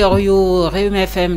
auditeurs yu Rewmi FM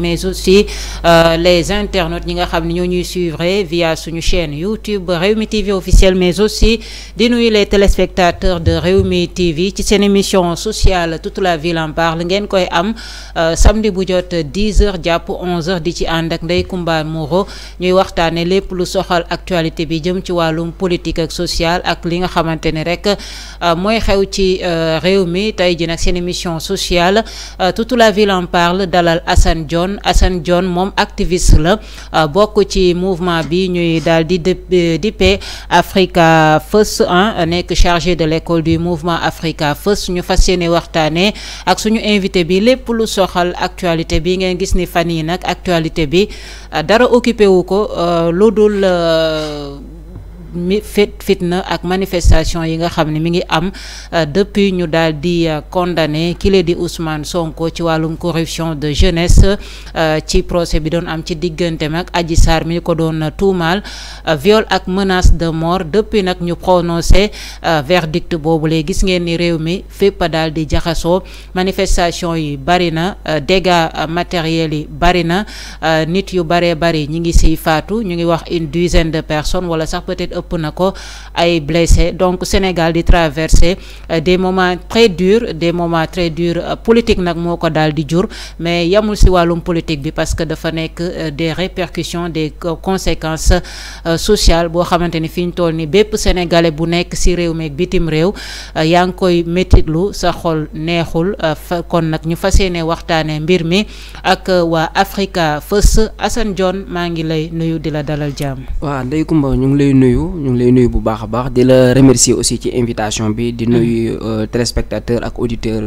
mais aussi euh, les internautes ñi nga xam ne ñoo ñuy suivre via suñu chaîne YouTube Rewmi TV officielle mais aussi di nuyu les téléspectateurs de Rewmi TV ci seen émission sociale toute la ville en parle ngeen koy am euh, samedi bu jot dix heures jàpp onze di ci ànd ak Ndeye Comba Moreau ñuy waxtaane lépp lu soxal actualité bi jëm ci wàllum politique ak sociale ak li nga xamante ne rek euh, mooy xew ci réew mi tey jii nag seen émission sociale euh, toute la ville en parle dalal Assane Dione Assane Dione moom activiste la euh, bokk ci mouvement bi ñuy daal di dippee Africa First nekk chargé de l'école du mouvement Africa First ñu fas yéene waxtaanee ak suñu invité bi lépp lu soxal actualité bi ngeen gis ni fan yi nag actualité bi euh, dara occupé ko lu dul mi fit fitna ak manifestation yi nga xam ne mi ngi am euh, depuis ñu daal di euh, condamné kile di Ousmane Sonko ci wàllum corruption de jeunesse euh, ci procès bi doon am ci diggante mag Adji Sarr mi ko doon tuumaal viol ak menace de mort depuis nag ñu prononcé verdict boobu lee gis ngeen ni réew mi fépp daal di jaxasoo manifestation yi bari na dégâts matériels yi bari na nit yu baree bari ñi ngi siy faatu ñu ngi wax une dizaine de personnes wala sax peut-être ëpp na ko ay blessé donc Sénégal di traverser euh, des moments très durs des moments très durs euh, politique nag moo ko daal di jur mais yamul si wàllum politique bi parce que dafa nekk euh, des répercussions des conséquences sociale boo xamante ni fi ñu toll ni bépp sénégalais bu nekk si réew meeg bitim réew yaa ngi koy métitlu sa xol neexul kon nag ñu fas yéene waxtaanee mbir mi ak waa Africa First Assane Dione maa ngi lay nuyu di la dalal jàmm. waaw Ndeye Comba ñu ngi lay nuyu ñu ngi lay nuyu bu baax a baax di la remercier aussi ci invitation bi di mm. nuyu euh, téléspectateur ak auditeur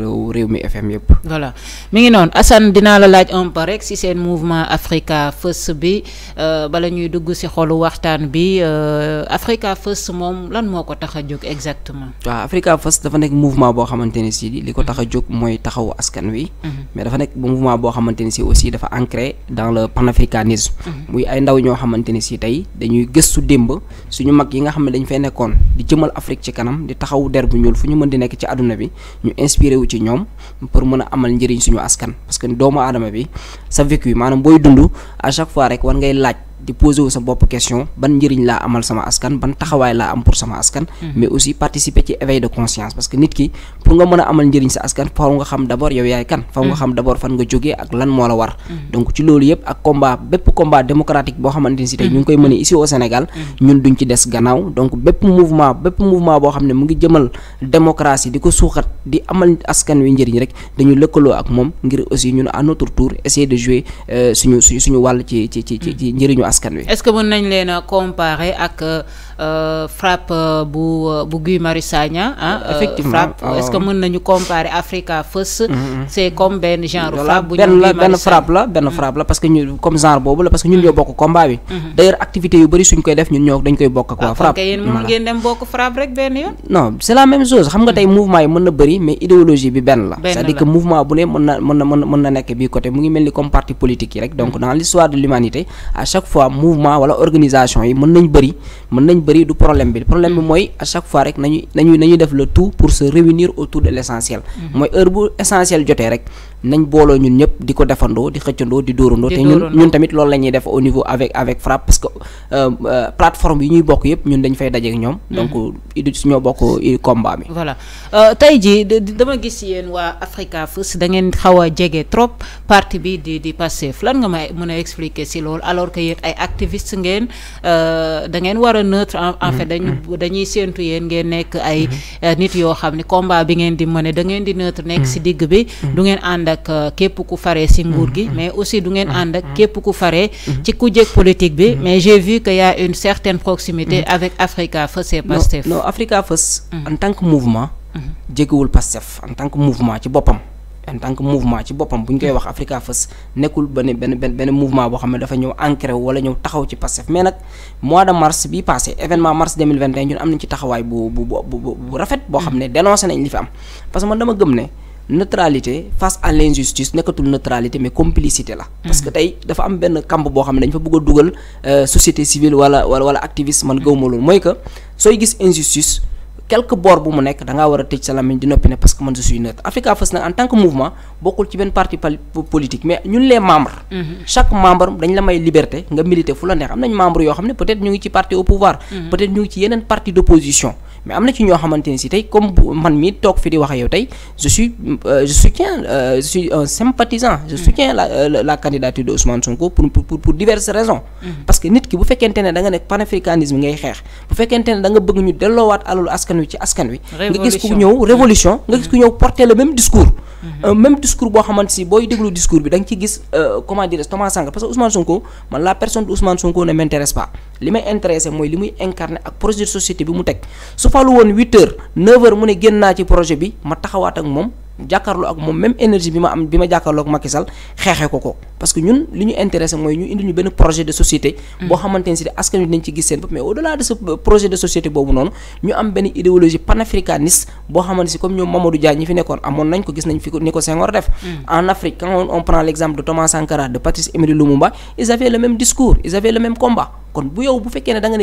mi FM yëpp. voilà mi ngi noonu Assane dinaa la laaj un peu rek si seen mouvement Africa First bi euh, bala ñuy dugg si xolu waxtaan bi euh, Africa First moom lan moo ko tax a jóg exactement. waaw Africa First dafa nekk mouvement boo xamante ne si li ko tax a mm. jóg mooy taxawu askan wi. Mm-hmm. mais dafa nekk mouvement boo xamante si aussi dafa ancré dans le panafricanisme. Mm-hmm. xamante mag yi nga xam ne dañ fee nekkoon di jëmal Afrique ci kanam di taxaw der bu ñuul fu ñu mën di nekk ci àdduna bi ñu inspiré wu ci ñoom pour mën a amal njëriñ suñu askan parce que doomu aadama bi sa vécu maanaam booy dund à chaque fois rek war ngay laaj di poser wu sa bopp question ban njëriñ laa amal sama askan ban taxawaay laa am pour sama askan mhm. mais aussi participer ci éveil de conscience parce que nit ki pour nga mën a amal njëriñ sa askan faaw nga xam d'abord yow yaay kan faaw nga mhm. xam d'abord fan nga jógee ak lan moo la war mhm. donc ci loolu yëpp ak combat bépp combat démocratique boo xamante si tey ñu ngi koy mëne ici au Sénégal ñun duñ ci des gannaaw donc bépp mouvement bépp mouvement boo xam ne mu askan wi. est-ce que mën nañ leen a comparer ak. Euh, Euh, frappe euh, bu euh, bu Guy Marius Sagna ah effectivement frappe mën nañu comparer Africa First mm-hmm. comme benn genre frappe bu ñu benn benn mm-hmm. frappe la parce que comme genre boobu la parce que ñun ñoo bokk combat bi mm-hmm. d'ailleurs activité yu bëri suñ koy def ñun ñoo dañ koy bokk quoi ah, frappe yéen ngeen dem bokk frappe rek benn yoon non c'est la même chose xam nga tey mouvement yi mën na bëri mais idéologie bi benn la cest dire que mouvement bu ne mën na mën na mën na nekk bii côté mu ngi mel ni comme parti politique yi rek donc dans l'histoire de l'humanité à chaque nañ bëri mën nañ bëri du problème bi problème bi mm-hmm. mooy à chaque fois rek nañu nañu nañuy def le tout pour se réunir autour de l' mm-hmm. mooy heure bu essentiel jotee rek nañ booloo ñun ñëpp di ko defandoo di xëccandoo di dóorandoo te ñun ñun tamit loolu la ñuy def au niveau avec avec FRAPP parce que euh, euh, plateforme yi ñuy bokk yëpp ñun dañu fay dajeek ñoom mm-hmm. donc euh, idi suñoo bokk combat bi voilà tey ji dama gis yéen waa Afrikafos da ngeen xaw a jege trop parti bi di di Pastef lan nga may mën a expliquer si loolu alors que yéen ay activiste ngeen da ngeen war a neutre en fait dañu mm-hmm. dañuy séentu yéen ngeen nekk ay mm-hmm. nit yoo xam ne combat bi ngeen di mëne da ngeen di neutre nekk si digg bi du ngeen ànd ak euh, képp ku faree si nguur gi mm-hmm. mais aussi du ngeen mm-hmm. ànd ak mm-hmm. képp ku fare ci kujjeeg politique bi mais j'ai vu que y a une certaine proximité avec Africa First et Pastef non Africa First en tant que mouvement jegewul Pastef en tant que mouvement ci boppam en tant que mouvement ci boppam bu ñu koy wax Africa First nekkul benn benn benn mouvement boo xam ne dafa ñëw ancré wala ñëw taxaw ci Pastef mais nag mois de mars bii passé événement mars 2021 ñun am nañ ci taxawaay bu bu bu bu rafet boo xam ne dénoncé nañ li fi am parce que man dama gëm ne neutralité face à l'injustice nekkatul neutralité mais complicité la. parce que tey dafa am benn kamb boo xam ne dañ fa bëgg a dugal euh, société civile wala wala wala activiste man gëw loolu mooy que sooy gis injustice. quelque boor bu mu nekk da war a tëj sa làmmiñ di noppi ne parce que man je suis neutre Africa First nag en tant que mouvement bokkul ci benn parti politique mais ñun les membres. Mm-hmm. chaque membre dañ la may liberté nga militer fu la neex am nañ membre yoo xam ne peut-être ñu ngi ci parti au pouvoir. Mm-hmm. peut ngi ci yeneen parti mais am na ci ñoo xamante ni si tey comme man mii toog fi di wax yow tey je suis euh, je soutiens euh, je suis mm. euh, la la candidature de Ousmane pour pour pour diverses mm. parce que nit ki bu fekkente ne da nekk panafricanisme ngay xeex bu fekkente ne da nga bëgg ñu delloowaat alalu askan wi ci askan wi nga gis ku ñëw révolution nga gis mm. ku ñëw porter le même discours mm-hmm. même discours boo xamante si booy déglu discours bi da ci gis comment dire Thomas li may intéressé mooy li muy incarné ak projet société bi mu teg su falu woon huit heures neuf heures mu ne génn naa ci projet bi ma taxawaat ak moom jàkkaarloo ak moom même énergie bi ma am bi ma jàkkaarloo ak Macky Sall xeexee ko ko. parce que ñun li ñu intéressé mooy ñu indi ñu benn projet de société. Mm. boo xamante ne si askan wi dinañ ci gis seen bopp mais au delà de projet de société boobu noonu ñu am benn idéologie panafricaniste boo xamante si comme ñoom Mamadou Dia ñi fi nekkoon amoon nañ ko gis ni ko Senghor def. Mm. en Afrique quand on prend l' de Thomas Sankara de Patrice Emery Lumumba ils avaient le même discours ils avaient le même combat. kon bu yow bu fekkee ne da ne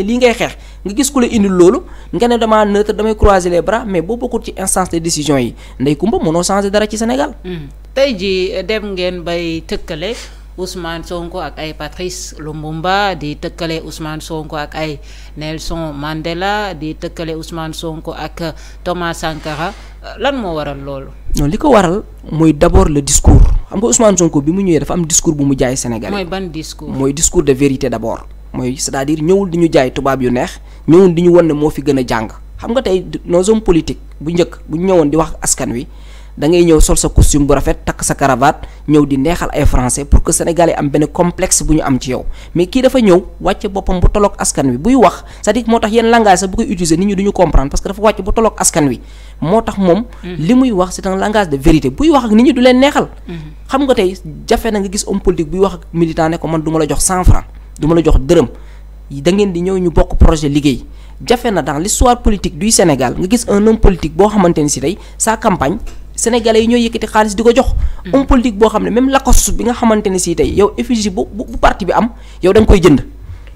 Ousmane Sonko ak ay Patrice Lumumba di tëkkale Ousmane Sonko ak ay Nelson Mandela di tëkkale Ousmane Sonko ak Thomas Sankara lan moo waral loolu. non li ko waral mooy d'abord le discours xam nga Ousmane Sonko bi mu ñëwee dafa am discours bu mu jaay Sénégal. mooy ban discours mooy discours de vérité d'abord. mooy c'est-à-dire ñëwul di ñu jaay tubaab yu neex ñëwul di ñu won ne moo fi gën a jàng xam nga tey nos hommes politiques bu njëkk bu ñu ñëwoon di wax askan wi. dangay ñëw sol sa costume bu rafet takk sa karabaat ñëw di neexal ay français pour que sénégalais am benn complexe bu ñu am ci yow mais kii dafa ñëw wàcc boppam bu tolloog askan wi buy wax cest dire moo tax yenn langage sax bu koy utiliser nit ñi duñu comprendre parce que dafa wàcc bu tolloog askan wi moo tax moom mm. li muy wax c'est un langage de vérité buy wax ak nit ñi du leen neexal mm-hmm. xam nga tey jafe na nga gis homme politique buy wax ak militant ne ko man du ma la jox cent ma la jox dërëm da ngeen di ñëw ñu bokk projet liggéey jafe na dans l'histoire politique du Sénégal nga gis un homme boo xamante ni si tey sa campagne sénégalais yi ñoo yëkkati xaalis di ko jox. Mm. homme politique boo xam ne même Lacoste bi nga xamante ne si tey yow effigie bu bu parti bi am yow da nga koy jënd.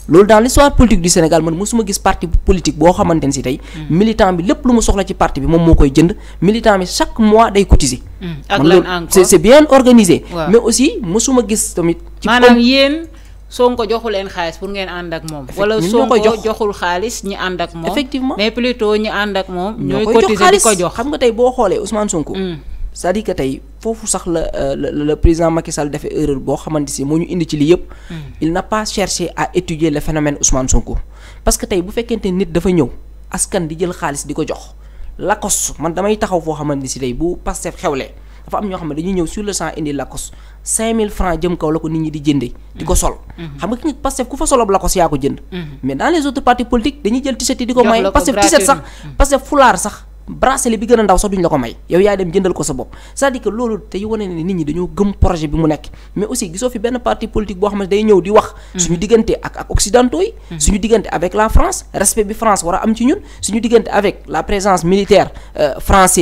loolu dans l'histoire politique du Sénégal man mosuma gis parti politique boo xamante ne si tey. Mm. militant bi lépp lu mu soxla ci parti bi moom moo koy jënd militant bi chaque mois day cotiser. Mm. ak lan encore c'est bien organisé. mais aussi mosuma gis tamit. ci maanaam yéen. Sonko joxu leen xaalis pour ngeen ànd ak moom. wala Sonko joxul xaalis ñi ànd ak moom. effectivement mais plutôt ñi ànd ak moom. ñooy cotiser di ko jox xam nga tey boo xoolee Ousmane Sonko. Mm. cest à tey foofu sax la euh, le président Macky Sall defee erreur boo xamante si moo ñu indi ci lii yëpp. Mm. il n'a pas cherché à étudier le phénomène Ousmane Sonko. parce que tey bu fekkente nit dafa ñëw askan di jël xaalis di ko jox lakos man damay taxaw foo xamante si tey bu Pastef xewlee. dafa am ñoo xam ne dañuy ñëw sur le champ indi lakos 5000 francs jëm kaw la ko nit ñi di jëndee. di ko sol. Mhm. xam nga ki Pastef ku fa solob lakos yaa ko jënd. Mhm. mais dans les autres partis politiques dañuy jël t yi di ko may. Pastef fulaar sax. bracelet bi gën a ndaw sax duñ la ko may yow yaay dem jëndal ko sa bopp cest à que loolu tey wane nit ñi dañoo gëm projet bi mu nekk mais aussi gisoo fi benn parti politique boo xam ne day ñëw di wax mhm.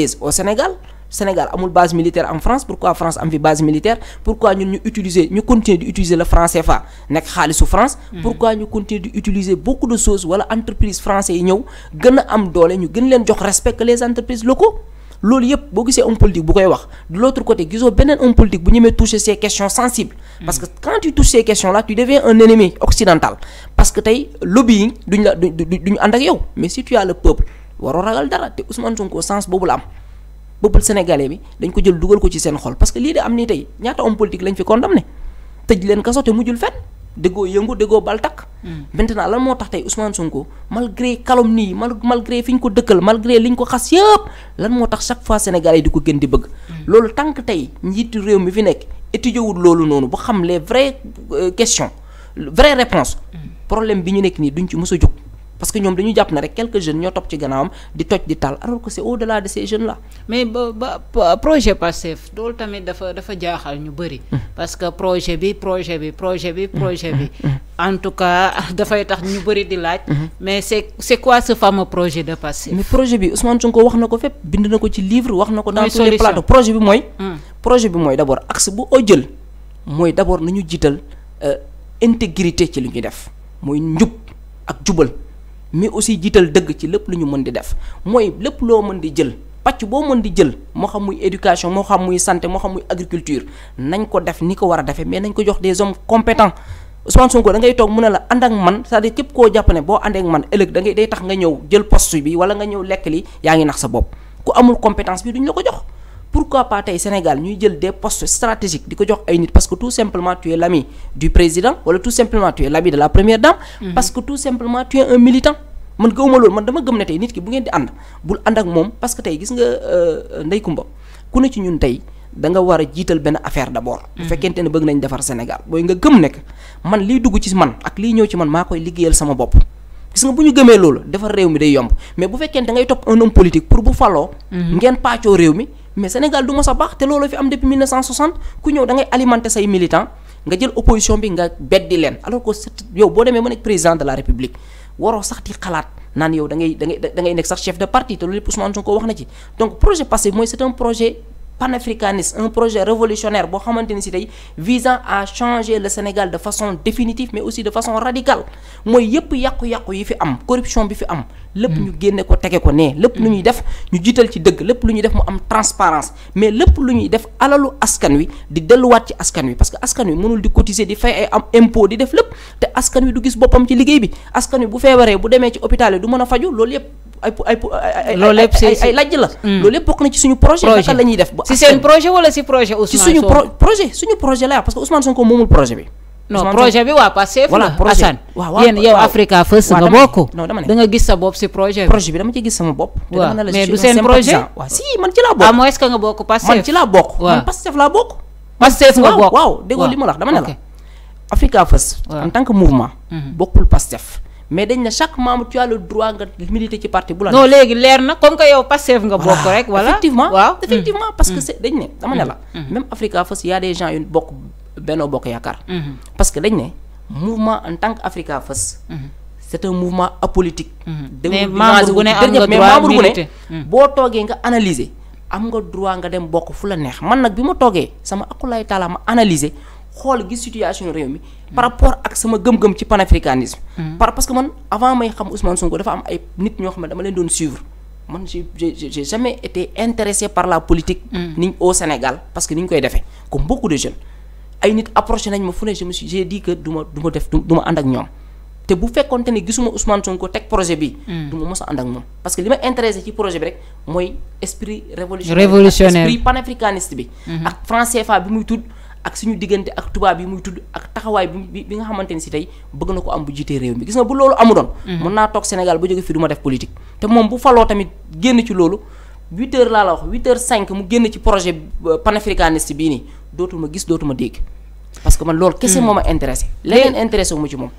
a Sénégal amul base militaire en France pourquoi France am fi base militaire pourquoi ñu utiliser ñu continuer di utiliser le franc CFA nekk xaalisu France. Hmm. pourquoi ñu continuer di utiliser beaucoup de choses wala entreprise français yi ñëw gën a am doole ñu gën leen jox respect que les entreprises locaux. loolu yëpp boo gisee homme politique bu koy wax de l'autre côté gisoo beneen homme politique bu ñemee toucher ces questions sensibles hmm. parce que quand tu touches ces questions là tu deviens un que tey lobby yi duñ la duñ yow mais si tu as le peuple waroo ragal boobu am. peuple sénégalais bi dañ ko jël dugal ko ci seen xol parce que lii de am nii tey ñaata homme politique lañ fi condamné tëj leen kaso te mujjul fenn déggoo yëngu déggoo bal takk. Hmm. maintenant lan moo tax tey Ousmane Sonko malgré calomnie mal malgré fi ñu ko dëkkal malgré li ñu ko xas yëpp lan moo tax chaque fois sénégalais di ko gën di bëgg. Hmm. loolu tànk tey njiitu réew mi fi nekk étudier wul loolu noonu ba xam les vraies euh, questions vraies réponses hmm. problème bi ñu nekk nii duñ ci mës a jóg. parce que ñoom dañu jàpp na rek quelques jeunes ñoo topp ci gannaawam di toj di taal alors que c'est au-delà de ces jeunes là. mais ba ba projet Pastef loolu tamit dafa dafa jaaxal ñu bëri. Mm. parce que projet bi projet bi projet bi mm. projet bi. Mm. en tout cas dafay tax ñu bëri di laaj. Mm-hmm. mais c'est c'est quoi ce projet de Pastef. mais projet bi Ousmane wax na ko fépp bind na ko ci livre wax na ko. dans tous les plateaux projet bi mooy. projet bi mooy d'abord axe bu oo jël mooy d'abord nañu jiital euh, intégrité ci li ñuy def mooy njub ak jubal. mais aussi jiital dëgg ci lépp lu ñu mën di def mooy lépp loo mën di jël pàcc boo mën di jël moo xam muy éducation moo xam muy santé moo xam muy agriculture nañ ko def ni ko war a defee mais nañ ko jox des hommes compétents Ousmane Sonko da ngay toog mu ne la ànd ak man cest à képp koo jàpp boo ànd ak man ëllëg dangay day tax nga ñëw jël poste bi wala nga ñëw lekk li yaa ngi nax sa bopp ku amul compétence bi duñ la ko jox pourquoi pas tey Sénégal ñuy jël des postes stratégiques di ko jox ay nit parce que tout simplement tu es l'ami du président wala tout simplement tu es l'ami de la première dame mhm. parce que tout simplement tu es un militant man gëwuma loolu man dama gëm ne tey nit ki bu ngeen di ànd bul ànd ak moom parce que tey gis nga euh, Ndeye Kumba ku ne ci ñun tey da nga war a jiital benn affaire d'abord bu mhm. fekkente ne bëgg nañ defar Sénégal booy nga gëm nekk man liy dugg ci man ak liy ñëw ci man maa koy liggéeyal sama bopp gis nga bu ñu gëmee loolu defar réew mi day yomb mais bu fekkente ngay topp un homme politique pour bu faloo mhm. ngeen paccoo réew mi mais Sénégal du mos a baax te loolu fi am depuis 1960 ku ñëw da ngay alimenter say militants nga jël opposition bi nga beddi leen alors que yow boo demee ba nekk président de la république waroo sax di xalaat naan yow da ngay da nekk sax chef de parti te loolu yëpp Ousmane Sonko wax na ci donc projet Pastef mooy c'est un projet. panafricaniste un projet révolutionnaire boo xamante ni si tey visant à changer le Sénégal de façon définitive mais aussi de façon radicale mooy yëpp yàqu-yàqu yi fi am corruption bi fi am. lépp hmm. ñu génne ko tege ko nee. lépp lu ñuy def ñu jiital ci dëgg lépp lu ñuy def mu am transparence mais lépp lu ñuy def alalu askan wi di delluwaat ci askan wi parce que askan wi mënul di cotiser di fay ay am impôt di def lépp te askan wi du gis boppam ci liggéey bi askan wi bu feebaree bu demee ci hôpital yi du mën a faju loolu yëpp. ay ay ay loolu lépp si ay hmm. bokk na ci suñu projet. suñu projet suñu projet la parce que Ousmane moomul projet bi. non projet bi la Assane yéen yow Africa sa bopp si projet bi dama ci gis sama bopp si man ci bokk man ci laa bokk ah, bokk Pastef nga bokk waaw la dama ne Africa First en tant que mouvement mhm. bokkul Pastef mais dañ ne chaque membre tu as droit nga militer ci parti bu la. non léegi leer na comme que yow Pastef nga bokk rek. voilà effectivement waaw effectivement parce que mm. c'est dañ ne dama ne la. Mm. Mm. Africa First y a des yu bokk Benno Bokk Yaakaar. parce que dañ ne mouvement en tant que Africa First. c'est un mouvement apolitique. mais membre bu ne am nga droit boo toogee nga analyser am nga droit nga dem bokk fu la neex man nag bi ma toogee sama akulaay taala ma analyser. xool gi situation réew mi. par rapport ak sama gëm-gëm ci panafricanisme. Mm-hmm. par parce que man avant may xam Ousmane Sonko dafa am ay nit ñoo xam ne dama leen doon suivre man j'ai j'ai jamais été intéressé par la politique. Mm. niñ au Sénégal parce que ni ñu koy defee comme beaucoup de jeunes. ay nit approché nañ ma fu ne je me suis j'ai dit ma du ma def du ànd ak ñoom te bu fekkonte ne gisuma Ousmane Sonko teg projet bi mm. du ma mos a ànd ak moom parce que li ma intéressé ci projet bi rek mooy esprit révolutionnaire esprit panafricaniste bi. Mm-hmm. ak bi ak suñu diggante ak tubaab yi muy tudd ak taxawaay bi bi nga xamante ni si tey bëgg na ko am bu jiitee réew mi gis nga bu loolu amu doon mhm. mën naa toog Sénégal ba jóge fi du ma def politique te moom bu faloo tamit génn ci loolu huit heures laa la wax huit cinq mu génn ci projet euh, panafricaniste bii nii dootuma gis dootuma dégg parce que man loolu kese mhm. moo ma intéressé leneen intéressé wu mu ci moom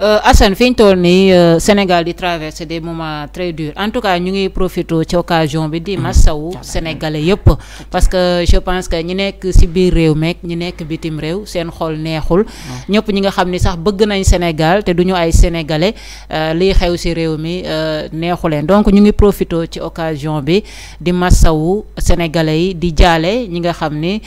Euh, Assane fi ñu toll nii euh, Sénégal di traverser des moment très durs en tout cas ñu ngi profité ci occasion bi di mm-hmm. massawu sénégalais yëpp parce que je pense que ñi nekk si biir réew meek ñi nekk bitim réew seen xol neexul mm-hmm. ñëpp ñi nga xam ni sax bëgg nañ Sénégal te du duñu ay sénégalais euh, liy xew si réew mi neexu leen donc ñu ngi profité ci occasion bi di massawu sénégalais yi di jaale ñi nga xam ni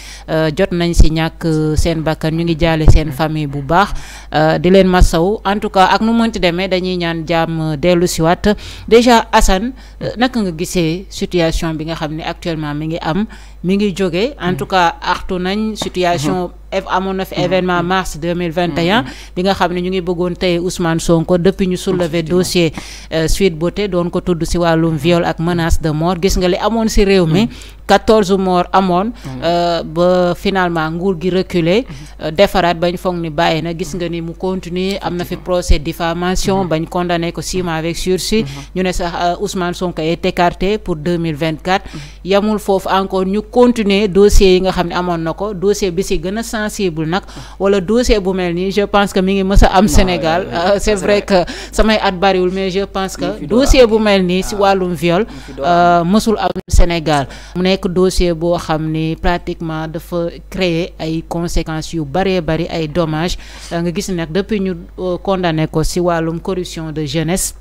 jot nañ si ñàkk seen bakkan ñu ngi jaale seen mm-hmm. famille bu baax di leen massawu en tout cas ak nu mënti demee dañuy ñaan jàmm dellu si waat déjà Assane euh, naka nga gisee situation bi nga xam ni actuellement mi ngi am mi ngi jógee en mm. tout cas artu nañ situation mm-hmm. amoon na fi mm-hmm. événement mm-hmm. mars 2021 bi nga xam ne ñu ngi bëggoon tey Ousmane Sonko depuis ñu soulever dossier euh, suite Beauté doon ko tudd ci wàllum viol ak menace de mort gis nga li amoon si réew mi 14 mm. morts amoon mm. euh, ba finalement nguur gi reculer euh, defaraat bañ foog ni bàyyi na gis nga ni mu continuer am na fi procès diffamation bañ condamné ko six mois avec sursis ñu ne sax Ousmane Sonko est écarté pour 2024 yamul foofu encore continuer dossier yi nga xam ne amoon na ko dossier bi si gën a sensible nag wala dossier bu mel nii je pense que mi ngi mës a am Sénégal euh, euh, c'est vrai que samay at bariwul mais je pense que dossier bu mel nii si ah, wàllum viol euh, mësul am Sénégal mu nekk dossier boo xam ni pratiquement dafa créer ay conséquences yu bëree bëri ay dommages nga gis nekk depuis ñu condamné ko si wàllum corruption de jeunesse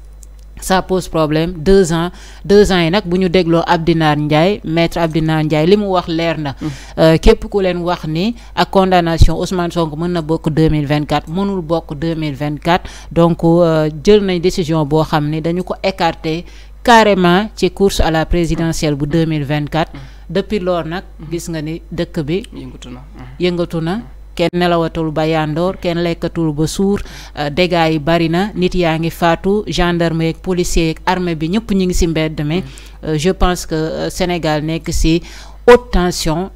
ça pose problème deux ans deux ans yi nag bu ñu dégloo Abdinar Ndiaye maître Abdinar Ndiaye li mu wax leer na. Mm. Euh, képp ku leen wax ni ak condamnation Ousmane Sonko mën na bokk deux mille vingt quatre mënul bokk deux mille vingt quatre donc euh, jël nañ décision boo xam ne dañu ko écarter carrément ci course à la présidentielle bu deux mille vingt quatre mm. depuis lors nag. Mm. gis nga ni dëkk bi. yëngatu na. kenn nelawatul ba yandoor kenn lekkatul ba suur euh, dégâts yi bari na nit yaa ngi faatu gendarme yeeg policier yeeg armée bi ñëpp ñu ngi ci mbedd mi euh, je pense que euh, Sénégal nekk ci haute tension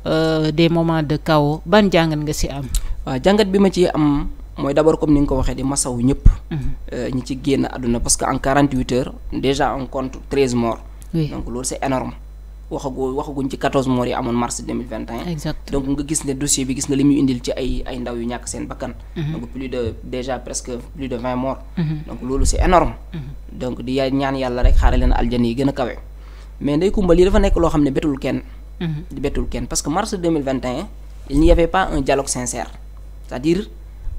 des moments de chaos ban jàngat nga ci am. waaw jàngat bi ma ci am mooy d'abord comme ni nga ko waxee di ma masawu ñëpp. Mhm. ñi ci génn àdduna parce que en 48 heures déjà en compte 13 morts. Oui. loolu c'est énorme waxagoo waxaguñ ci 14 morts yi amoon mars 2021. exactement donc nga gis ne dossier bi gis nga li muy indil ci ay ndaw yu ñàkk seen bakkan. Mhm. donc plus de déjà presque plus de 20 morts. Mhm. donc loolu c'est énorme mhm. donc di ñaan yàlla rek xaare leen aljan yi gën a kawe. mais ndey kumba lii dafa nekk loo xam ne bettul kenn. di bettul kenn parce que mars 2021 il n'y avait pas un dialogue sincère cest dire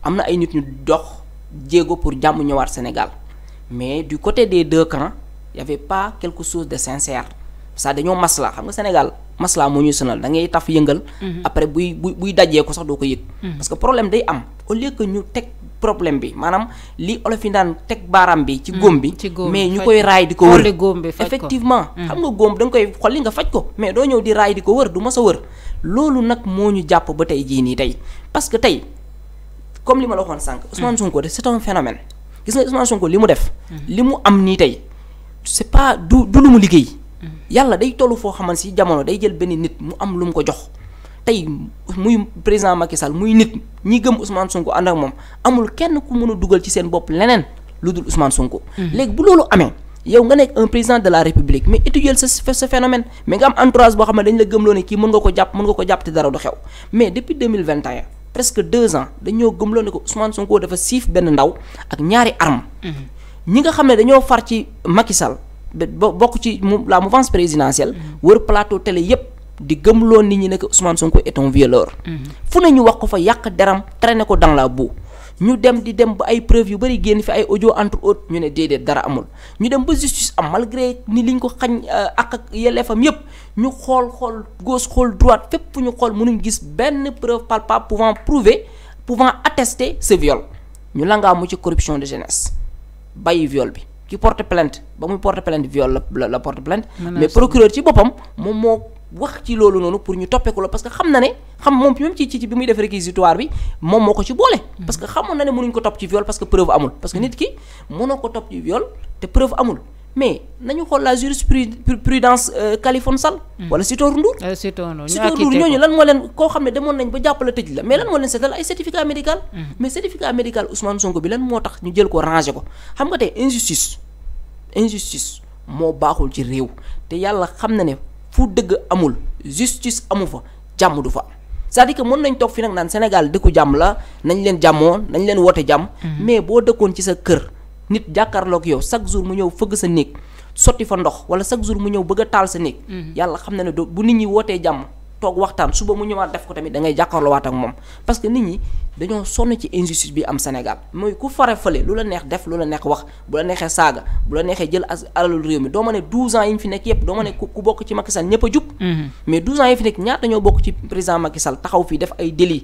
am na ay nit ñu dox jéego pour jàmm ñëwaat Sénégal mais du côté des deux camps il y avait pas quelque chose ça dañoo maslaa xam nga Sénégal maslaa moo ñuy sonal da ngay taf yëngal. Mhm. après buy buy buy dajee ko sax doo ko yëg. Mhm. parce que problème day am au lieu que ñu teg problème bi maanaam li olof yi daan teg baaraam bi. ci mhm. góom bi mais ñu koy raay di ko wër. effectivement xam nga góom da nga koy xolli nga faj ko mais doo ñëw di raay di ko wër du mës a wër loolu nag moo ñu jàpp ba tey jii nii tey parce que tey comme li ma la waxoon sànq. Ousmane Sonko de c'est un phénomène gis nga Ousmane Sonko li mu def. li mu am nii tey c'est pas du du lu mu liggéey. yàlla day tollu foo xaman si jamono day jël benn nit mu am lu mu ko jox tey muy président Macky Sall muy nit ñi gëm Ousmane Sonko ànd ak moom amul kenn ku mën a dugal ci seen bopp leneen lu dul Ousmane Sonko. Mhm. léegi bu loolu amee yow nga nekk un président de la république mais étudier sa sa phénomène mais nga am entourage boo xam ne dañ la gëmloo ne kii mën nga ko jàpp mën nga ko jàpp te dara du xew mais depuis 2021 presque deux ans dañoo gëmloo ne ko Ousmane Sonko dafa siif benn ndaw ak ñaari arme mhm. ñi nga xam ne dañoo far ci Macky bokk ci la mouvance présidentielle mm-hmm. wër plateau télé yépp di gëmloo nit ñi ne Ousmane Sonko est un violeur mm-hmm. fu ne ñu wax ko fa yàq deram traîner ko dans la boue ñu dem di dem ba ay preuve yu bëri génn fi ay audio entre autres ñu ne déedéet dara amul ñu dem ba justice am malgré ni liñ ko xañ euh, ak ak yelleefam yépp ñu xool xool gauche xool droite fépp fu ñu xool mënuñ gis benn preuve palpable pouvant prouver pouvant attester ce viol ñu langaamu ci corruption de jeunesse bàyyi viol bi ki porte plainte ba muy porte plainte viol la la porte plainte mais procureur ci boppam moom moo wax ci loolu noonu pour ñu toppee ko la parce que xam na ne xam moom même ci ci bi muy def réquisitoire bi moom moo ko ci boole. Mm-hmm. parce que xamoon na ne mënuñ ko topp ci viol parce que preuve amul. parce que mm-hmm. nit ki mënoo ko topp ci viol te preuve amul. mais nañu xool la jurisprudence Khaliphone euh, Sall. Hmm. wala Sitor Ndour. Euh, Sitor Ndour ñooñu lan moo leen koo xam ne demoon nañ ba jàppale tëj la mais lan moo leen seetal ay certificat médical. Hmm. mais certificat médical Ousmane Sonko bi lan moo tax ñu jël ko rangé ko xam nga tey injustice injustice moo baaxul ci réew te yàlla xam na ne fu dëgg amul justice amu fa jàmm du fa cest à que mën nañ toog fi nag naan Sénégal dëkku jàmm la nañ leen jàmmoo nañ leen woote jàmm. Hmm. mais boo dëkkoon ci sa kër. nit jàkkaarloog yow chaque jour mu ñëw fëgg sa néeg sotti fa ndox wala chaque jour mu ñëw bëgg taal sa néeg mhm. yàlla xam na ne doo bu nit ñi wootee jàmm toog waxtaan suba mu ñëwaat def ko tamit da ngay jàkkaarloowaat ak moom parce que nit ñi dañoo sonn ci injustice bi am Sénégal mooy ku fare fële lu la neex def lu la neex wax bu la neexee saaga bu la neexee jël as alalul réew mi doo ne 12 ans yi fi nekk yépp doo ma ne ku bokk ci Macky Sall jub mhm. mais 12 ans yi fi nekk bokk ci président Macky Sall taxaw fii def ay délits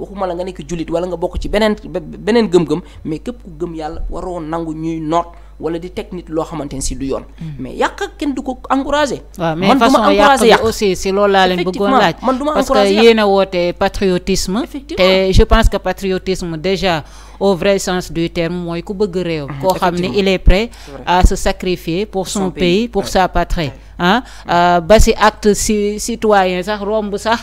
waxuma la nga nekk jullit wala nga bokk ci beneen gëm-gëm mais képp ku gëm yàlla waroo nangu ñuy noot wala di teg nit loo xamante ne si du yoon. Mm. mais yàq kenn du ko encouragé. waaw mais façon yàq bi a patriotisme. te je pense que patriotisme déjà au vrai sens du terme mooy ku bëgg réew. Mm-hmm. koo xam ne il est prêt à se sacrifier pour son pays pour sa patrie. Ah, ah ba si acte si citoyen sax romb sax ah,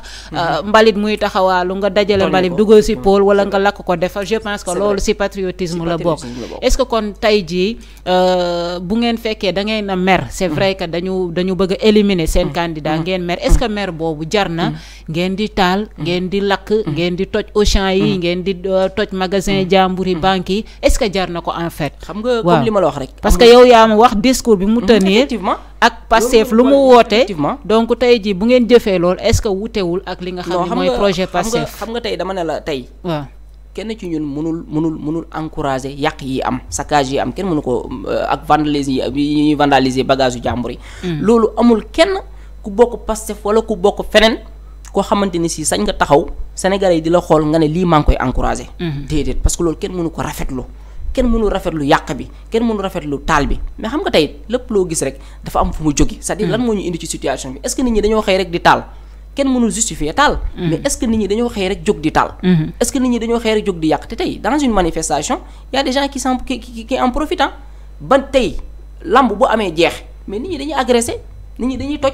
mhm. mbalit muy taxawaalu nga dajale mbalit dugal si pool wala nga lakk ko defar je pense ko loolu si patriotisme la bokk est-ce que kon tey jii euh, bu ngeen fekkee da ngeen a mer c'est vrai que dañu dañu bëgg a éliminer seen mhm. candidat mhm. ngeen mer est-ce que mer boobu jar na ngeen di taal ngeen di lakk ngeen di toj au Auchan yi ngeen di euh, toj magasin jàmbur yi banque yi est-ce que jar na ko en fait xam nga yow yaa ma wax discours bi mu tenir ak Pastef lu mu woote donc tey jii bu ngeen jëfee loolu est-ce que wutewul ak li nga xam ne mooy projet Pastef xam nga tey dama ne la tey waaw kenn ci ñun mënul mënul mënul encourager yàq yi am saccage yi am kenn mënu ko euh, ak vandaliser yi ñuy vandaliser bagage yu jàmbur yi hmm. loolu amul kenn ku bokk Pastef wala ku bokk feneen koo xamante ni si sañ nga taxaw sénégalais yi di la xool nga ne lii maa ngi koy encourager hmm. déedéet parce que loolu kenn mënu ko rafetlu kenn mënu lu yàq bi kenn rafet lu taal bi mais xam nga tey lépp loo gis rek dafa am fu mu jóge sa dire lan hmm. moo ñu indi ci situation bi est nit ñi dañoo xëy rek taal kenn mënul justifier taal hmm. mais est-ce que nit ñi dañoo xëy rek jóg di taal hmm. est-ce que nit ñi dañoo xëy rek jóg di yàq te tey dans une manifestation y a des gens qui s'en qui qui ba tey lamb bu amee jeex mais nit ñi dañuy agressé nit ñi dañuy toj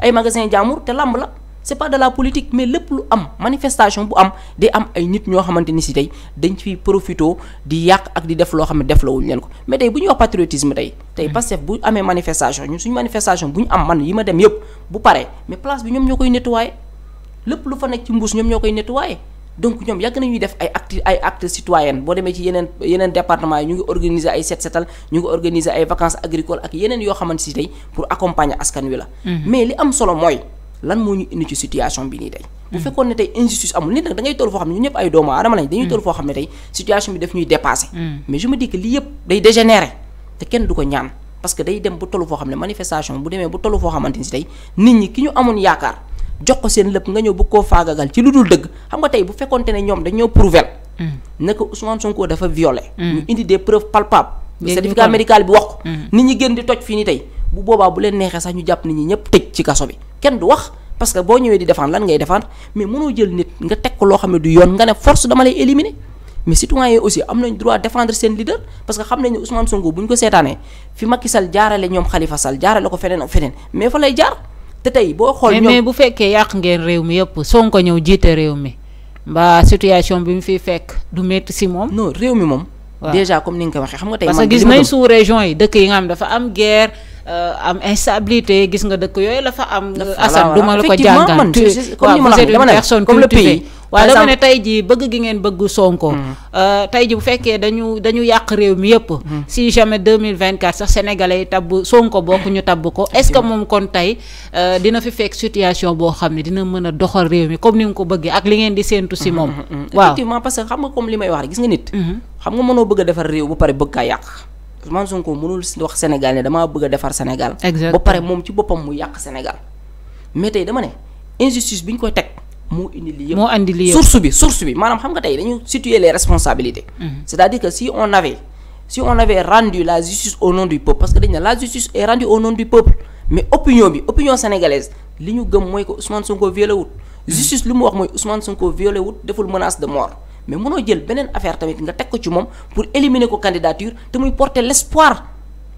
ay magasin jaamur te lamb la c'est pas de la politique mais lépp lu am manifestation bu am day am ay nit ñoo xamante ni si tey dañ ciy profito di yàq ak di def loo xam ne def la wuñu leen ko mais tey bu ñuy wax patriotisme tey tey mm-hmm. Pastef bu amee manifestation ñun suñu manifestation bu ñu am man yi ma dem yëpp bu paree mais place bi ñoom ñoo koy nettoyé lépp lu fa nekk ci mbuus ñoom ñoo koy nettoyé donc ñoom yàgg nañuy def ay acte ay acte citoyen boo demee ci yeneen yeneen département yi ñu ngi organiser ay set setal ñu ngi organiser ay vacances agricoles ak yeneen yoo xamante si tey pour accompagner askan wi la mm-hmm. am solo mooy lan moo ñu indi ci situation bi nii tey bu fekkoon ne tey injustice amul nit nag da ngay toll foo xam ne ñun ñëpp ay doomu aadama lañ dañuy toll foo xam ne tey situation bi daf ñuy dépassé mm. mais je me dis que lii yëpp day dégénéré te kenn du ko ñaan parce que day dem ba tollu foo xam ne manifestation bu demee ba tollu foo xamante si tey nit ñi ki ñu amoon yaakaar jox ko seen lépp nga ñëw bu koo faagagal ci lu dul dëgg xam nga tey bu fekkoonte ne ñoom dañoo prouver mm. ne que Ousmane Sonko dafa violé mm. ñu indi des preuves palpables certificat médical bi wax bu boobaa bu leen neexee sax ñu jàpp nit ñi ñëpp tëj ci kaso bi kenn du wax parce boo ñëwee di défendre lan ngay défendre mais mënoo jël nit nga teg ko loo xam ne du yoon nga am nañ droit défendre seen leader parce que xam nañ ne Ousmane Sonko bu ñu ko seetaanee fi Macky Sall jaarale ñoom Khalifa Sall jaarale ko feneen feneen mais fa lay jaar te tey boo xool ñoom bu fekkee yàq ngeen réew mi yëpp Sonko ñëw jiite réew mi mbaa situation bi mu fiy fekk du métti si moom non réew mi moom déjà comme ni nga ko waxee xam nga tey parce que gis nañ région yi dëkk yi nga xam dafa am Euh, am instabilité gis nga dëkk yooyu la fa am. Assane duma la ko jàngal effectivement man comme dama ne comme le dama ne tey jii bëgg gi ngeen bëgg Sonko. Hmm. Euh, tey jii bu fekkee dañu dañu yàq réew mi yëpp. Hmm. si jamais 2024 sax sénégalais yi tabb Sonko bokk ñu tabb ko est ce que hmm. moom kon tey euh, dina fi fekk situation boo xam ne dina mën a doxal réew mi comme ni nga ko bëggee ak li ngeen di séentu si moom. waaw effectivement parce xam nga comme li may wax rek gis nga nit. xam nga mënoo bëgg a defar réew bu pare bëgg kaa yàq. Ousmane Sonko mënul wax Sénégal ne dama bëgg a defar Sénégal. ba moom ci boppam mu yàq Sénégal. mais tey dama ne injustice bi ñu koy teg moo indi lii yëpp. moo indi lii yëpp source tey dañu situer les responsabilités. Mhm. c'est-à-dire que si parce que dañ ne la justice est rendue au nom du peuple mais li ñu gëm mooy que Ousmane Sonko violé wut. Mhm. justice lu mu wax mooy Ousmane Sonko violé wut deful menace de mort. mais mënoo jël beneen affaire tamit nga teg ko ci moom pour éliminer ko candidature te muy porter l'espoir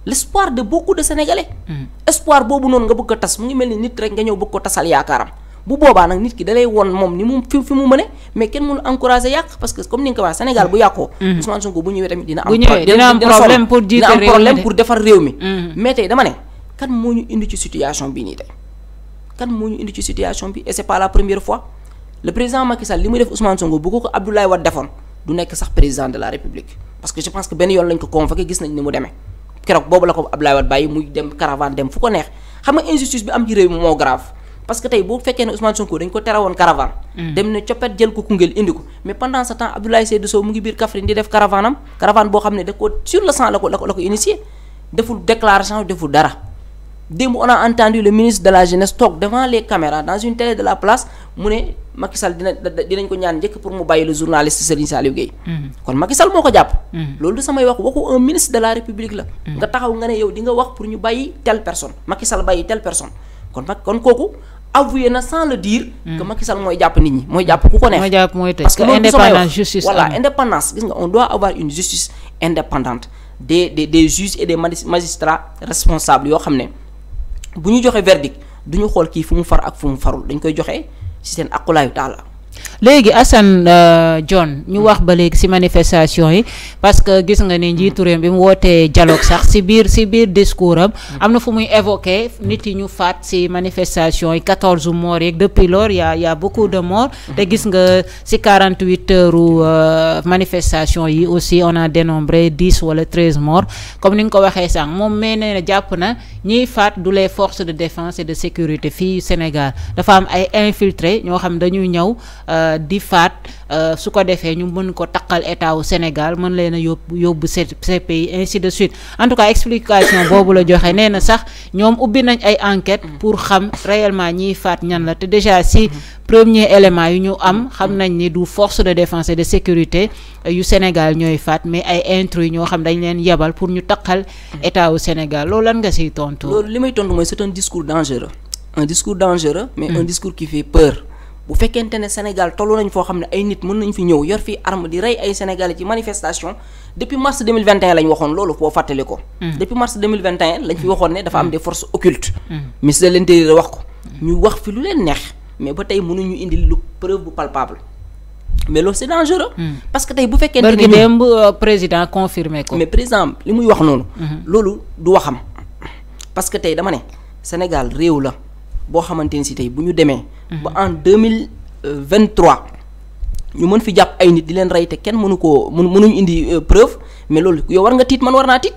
l'espoir de beaucoup de sénégalais. Mm. espoir boobu noonu nga bëgg ko tas mu ngi mel ni nit rek nga ñëw bëgg ko tasal yaakaaram. bu boobaa nag nit ki dalay woon moom ni mu fi fi mu mëne mais kenn mënu encourager yàq parce que comme ni nga ko waxee Sénégal bu yàqoo. Mm. Ousmane Sonko bu ñëwee tamit dina am. problème pour jiite réew mi mm. mais tey dama ne kan moo ñu indi ci situation bii nii kan moo ñu indi ci situation bi et c'est pas la le président Macky Sall li muy def Ousmane Sonko bu ko ko Abdoulaye Wade defoon du nekk sax président de la république parce que je pense que benn yoon lañ ko convoqué gis nañ ni mu demee keroog boobu la ko Abdoulaye Wade bàyyi muy dem caravane dem fu ko neex xam nga injustice bi am ci moo grave parce que tey boo fekkee ne Ousmane Sonko dañ ko terawoon caravane mm. dem ne coppet jël ko Koungheul indi ko mais pendant ce temps Abdoulaye Seydou Sow mu ngi biir démb on a entendu le ministre de la jeunesse toog devant les caméras dans une télé de la place mu ne Macky Sall dina dinañ ko ñaan njëkk pour mu bàyyi le journaliste Serigne Saliou Gueye. Mm-hmm. kon Macky moo ko jàpp. Mm-hmm. loolu du samay wax waxu un ministre de la république la. Mm-hmm. nga taxaw nga ne yow di nga wax pour ñu bàyyi telle personne Macky Sall bàyyi telle personne kon mag kon kooku. avoué na sans le dire. que Macky mooy jàpp nit ñi mooy jàpp ku ko neex. mooy jàpp mooy tëj parce que indépendance justice voilà indépendance gis nga on doit avoir yoo xam ne. bu ñu joxee verdict duñu xool kii fu mu far ak fu mu farul dañ koy joxe ci seen aqulaayu taala léegi Assane euh, John ñu wax ba léegi si manifestation yi parce que gis nga ni njiitu réew bi mu wootee dialogue sax ci biir ci biir discours am am na fu muy évoquer nit yi ñu faat ci manifestation yi quatorze morts yeeg depuis lors y'a y'a beaucoup de morts te gis nga ci quarante-huit heures euh, manifestation yi aussi on a dénombré dix wala treize morts comme ni nga ko waxee sànq moom mais na jàpp na ñiy faat du les forces de défense et de sécurité fii Sénégal dafa am ay infiltrés ñoo xam dañuy ñëw Euh, di faat euh, su ko defee ñu mën ko taqal état wu Sénégal mën leen a yóbbu yóbbu ces pays ainsi de suite en tout cas explication boobu la joxe nee na sax ñoom ubbi nañ ay enquête mm. pour xam réellement ñiy faat ñan la te déjà si mm-hmm. premier élément yu ñu am mm-hmm. xam nañ ni du force de défense et de sécurité euh, yu Sénégal ñooy faat mais ay intrus ñoo xam dañ leen yebal pour ñu taqal mm-hmm. état wu Sénégal lool lan nga siy tontu. loolu li may tontu mooy c'est un discours dangereux un discours dangereux mais mm. un discours qui fait bu fekkente ne Sénégal tollu nañ foo xam ne ay nit mën nañ fi ñëw yor fi arme di rey ay sénégalais ci manifestation depuis mars 2021 lañ waxoon loolu boo fàttali ko. Hmm. depuis mars 2021 lañ fi waxoon ne dafa am hmm. des forces occultes. Hmm. ministre de l'intérieur wax ko. ñu wax fi lu leen neex mais ba tey mënuñu indi lu preuve bu palpable. mais loolu c'est dangereux. parce que tey bu fekkente ne démb euh, président confirmé ko. mais président li muy wax noonu. loolu du waxam. parce que tey dama ne Sénégal réew la. boo xamante ni si tey bu ñu demee. ba en deux mille vingt trois ñu mën fi jàpp ay nit di leen rey te kenn mënu ko mënu mënuñ indi euh, preuve mais loolu yow war nga tiit man war naa tiit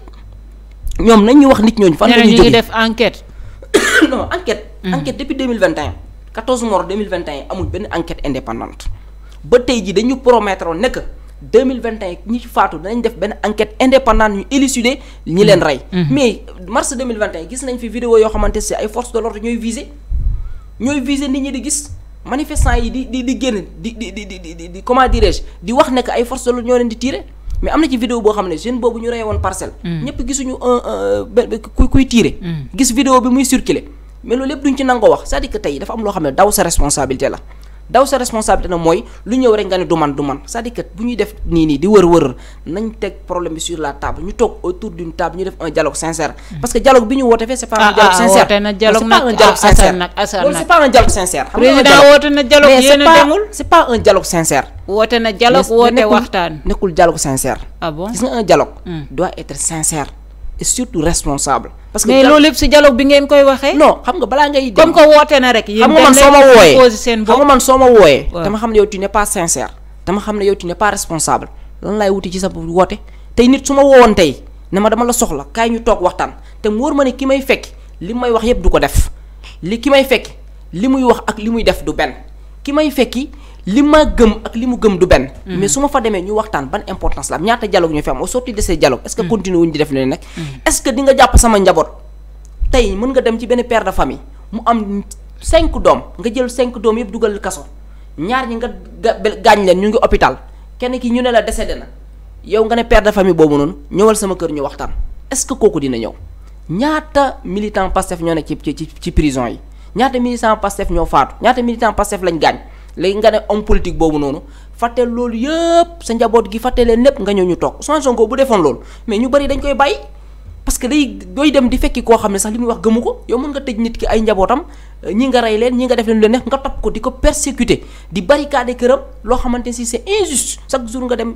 ñoom nañ ñu wax nit ñooñu. fan la ñu ngi def enquête. non enquête. Mm-hmm. enquête depuis deux mille vingt un quatorze mars deux mille vingt un amul benn enquête indépendante ba tey jii dañu promettre nekk. deux mille vingt et un ñi ci faatu danañ def benn enquête indépendant ñu élucider ñi leen rey. Mm-hmm. Mm-hmm. mais mars deux mille vingt et gis nañ fi vidéo yoo xamante si ay forces de l'ordre ñooy viser ñooy viser nit ñi di gis manifestant yi di di di génn di di di di di comment dirais-je di wax ne ay force de l'ordre ñoo leen di tirer. mais am na ci vidéo boo xam ne jeune boobu ñu rey woon parcelle. Mm. ñëpp gisuñu ku kuy tiire. Mm. gis vidéo bi muy surculer mais loolu lépp duñ ci nangoo wax tey dafa loo xam ne daw sa responsabilité la. daw sa responsabilité na mooy lu ñëw rek nga ne du man du man cest bu ñuy def nii nii di wër-wër nañ teg problème bi sur la table ñu toog autour d'une table ñu def un dialogue sincère. Hmm. parce que dialogue bi ñu woote fee c'est pas un ah, dialogue ah, sincère ah ah woote na dialogue ah, nag Assane woote na dialogue yéen a demul mais c'est pas un dialogue sincère. woote na dialogue woote waxtaan nekkul nekkul dialogue sincère. ah bon gis nga un dialogue. Hmm. doit être sincère. et surtout responsable. parce que mais loolu lépp si dialogue bi ngeen koy waxee. non xam nga balaa ngay. dem comme que woote na rek. yéen dem seen bopp xam nga man soo ma wooyee. dama xam ne yow tu n'es pas sincère. dama xam ne yow tu ne pas responsable lan laay wuti ci sa woote tey nit su ma woowoon tey ne ma dama la soxla kaay ñu toog waxtaan te mu wóor ma ne ki may fekk li may wax yépp du ko def li ki may fekk li muy wax ak li muy def du benn ki may fekki. li ma gëm ak li mu gëm du benn. Mm-hmm. mais su ma fa demee ñu waxtaan ban importance la am ñaata dialogue ñu fi am au sorti de ces dialogues. que mm-hmm. continuer wuñ di def leneen nag. Mm-hmm. est-ce que di nga tey mën nga dem ci benn père de famille mu am cinq doom nga jël cinq doom dugal kaso ñaar ñi nga gaañ leen ñu ngi hôpital kenn ki ñu ne la décédé na yow nga ne père de famille boobu noonu ñëwal sama kër ñu waxtaan est-ce que kooku dina ñëw ñaata militant Pastef ñoo ne ci ci prison yi ñaata militant Pastef ñoo faatu ñaata militant Pastef lañ gaañ. léegi nga ne homme politique boobu noonu fàtte loolu yëpp sa njaboot gi fàtte leen lépp nga ñëw ñu toog Ousmane Sonko bu defoon loolu mais ñu bari dañ koy bàyyi parce que day doy dem di fekki koo xam ne sax li muy wax gëmu ko yow mën nga tëj nit ki ay njabootam euh, ñi nga rey leen ñi nga def leen lu neex nga topp ko di ko persécuter di barricader këram loo xamante si c'est injuste chaque jour nga dem.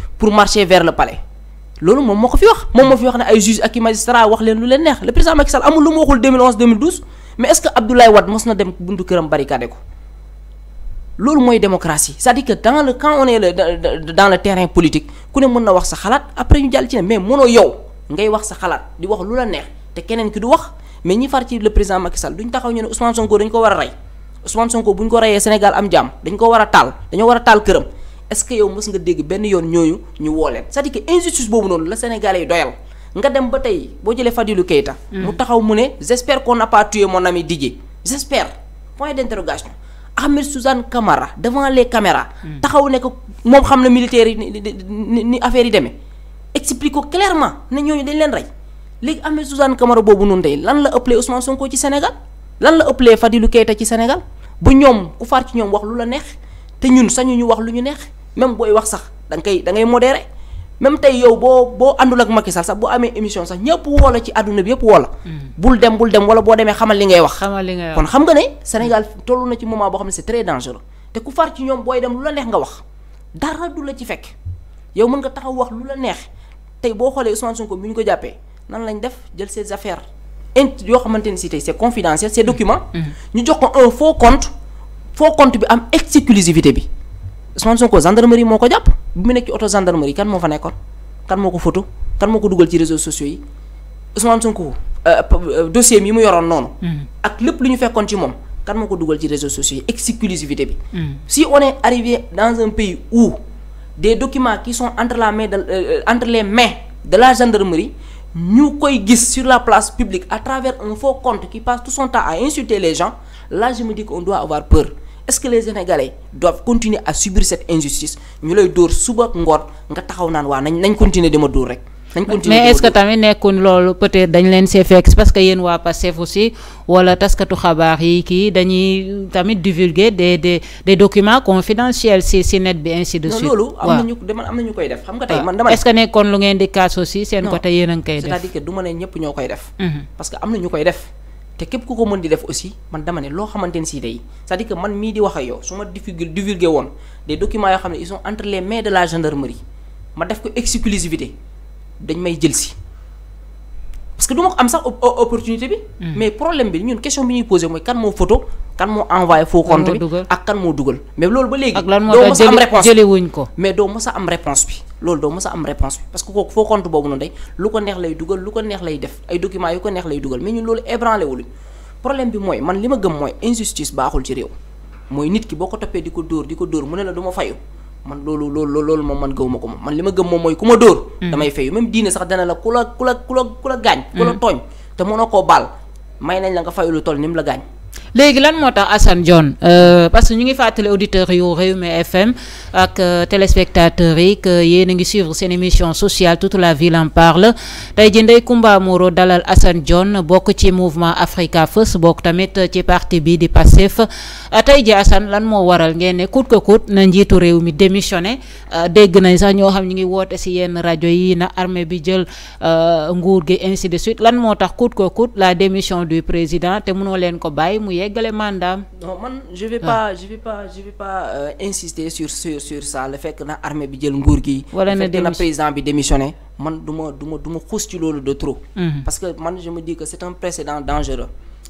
pour marcher vers le palais loolu moom moo ko fi wax moom moo fi wax ne ay juge ak i magistrat wax leen lu leen neex le président Macky Sall amul lu mu waxul 2011 2012 mais est-ce que Abdoulaye Wade mos na dem loolu mooy démocratie c'est-à-dire que dans le quand on est le ku ne mën na wax sa xalaat après ñu mais mënoo yow ngay wax sa xalaat di wax lu la neex te keneen ki du wax mais ñi far ci le président Macky Sall duñ taxaw ñu ne Ousmane Sonko dañ ko war a rey Ousmane Sonko bu ko reyee Sénégal am jàmm dañ ko war a taal dañoo war a taal këram. est-ce que yow mës nga dégg benn yoon ñooñu ñu woo leen c'est-à-dire boobu noonu la Sénégalais yi doyal nga dem ba tey boo jëlee Fadilou Keita. Hmm. mu taxaw mu ne j'espère qu'on n'a pas tué mon ami Didier j'espère point d'interrogation Ahmed Suzanne Camara devant les caméras. Hmm. taxaw ne ko moom xam na militaires yi ni ni affaire yi demee explique ko clairement ne dañ leen rey léegi Ahmed Suzanne Camara boobu noonu tey lan la ëppalee Ousmane Sonko ci Sénégal lan la ëppalee Fadilou Keita ci Sénégal bu ñoom ku far ci ñoom wax lu la neex te ñun sañu ñu wax lu ñu neex. même booy wax sax da nga koy da ngay modéré même tey yow boo boo àndul ak Macky Sall sax boo amee émission sax ñëpp woo la ci àdduna bi yëpp woo la. Mm. bul dem bul dem wala boo demee xamal li ngay wax. xamal li ngay wax kon xam nga ne Sénégal toll na ci moment boo xam ne se très dangereux te ku far ci ñoom booy dem lu la neex nga wax dara du la ci fekk yow mën nga taxaw wax lu la neex tey boo xoolee Ousmane Sonko bi ñu ko jàppee nan lañ def jël ses affaire int yoo xamante ni si tey c'est confidentiel ces documents. Mm. ñu jox ko un faux compte faux bi am exclusivité bi. Ousmane Sonko gendarmerie moo ko jàpp bi mu nekk ci oto gendarmerie kan moo fa nekkoon kan moo ko photo kan moo ko dugal ci réseaux sociaux yi Ousmane Sonko euh, euh, dossier mi mu yoroon noonu. Mm. ak lépp lu ñu fekkoon ci moom kan moo ko dugal ci réseaux sociaux yi exclusivité bi. Mm. si on est arrivé dans un pays où des documents qui sont entre la main de euh, entre les mains de la gendarmerie. ñu koy gis sur la place publique à travers un faux compte qui passe tout son temps est-ce que les Sénégalais doivent continuer à subir cette injustice ñu lay dóor suba ak ngoon nga taxaw naan waa nañ nañ continuer dama dóor rek. nañ continuer mais est tamit nekkuñ loolu peut-être dañ leen see fekk parce que yéen waa Pastef aussi wala taskatu xabaar yi kii dañuy tamit divulguer des des de documents confidentiels si si net bi ainsi de suite. waaw loolu am na ñu dama am na ñu koy def. xam man dama est-ce que nekkoon lu ngeen di kaas aussi seen côté yéen a ngi ñoo def. Mhm. parce que am na ñu koy def. te képp ku ko mën di def aussi man dama ne loo xamante ni si day cest à man mii di wax ak yow su ma divulgué divulgué woon des documents yoo xam ne ils sont entre les mains de la gendarmerie ma def ko exclusivité dañ may jël si parce que du ko am sax opportunité bi. Hmm. mais problème bi ñun question bi ñuy posé mooy kan moo photo kan moo envoyé faux compte bi ak kan moo dugal. mais loolu ba léegi. ak lan moo tax wuñ ko doo mës mais doo mës a am réponse bi. loolu doo mës am réponse bi parce que kooku foo compte boobu noonu day lu ko neex lay dugal lu ko neex lay def ay documents yu ko neex lay dugal mais ñun loolu ébranlé problème bi mooy man li ma gëm mooy injustice baaxul ci réew mooy nit ki boo ko toppee di dóor di ko dóor mu ne la du ma fayu man loolu loolu loolu moom man gëwuma ko moom man li ma gëm moom mooy ku ma dóor hmm. damay fayu même diine sax dana la ku la ku la ku la ku la gaañ ku la hmm. tooñ te mënoo koo baal may nañ la nga fayu lu toll ni la gaañ léegi lan moo tax Assane Dione euh, parce que ñu ngi fàttali auditeurs yu Rewmi FM ak euh, téléspectateurs yi que yéen a ngi suivre seen émission sociale toute la ville en parle tey ji Ndeye Comba dalal Assane Dione bokk ci mouvement Africa First bokk tamit ci parti bi di Pastef euh, tey ji Assane lan moo waral ngeen ne coûte que na njiitu réew mi démissionné dégg nañ sax ñoo xam ñu ngi woote si yenn rajo yi na armée bi jël nguur gi ainsi de suite lan moo tax coûte que coûte la démission du président mënoo leen ko bàyyi yeggale mandaam non man je vais ah. pas je vais pas je vais pas euh, insister sur sur sur ça le fekk na armée bi jël nguur gi wala na fekk na président bi démissionné man du ma du ma du ma xuus ci loolu de trop mhm. parce que man je me dis que c'est un précédent dangereux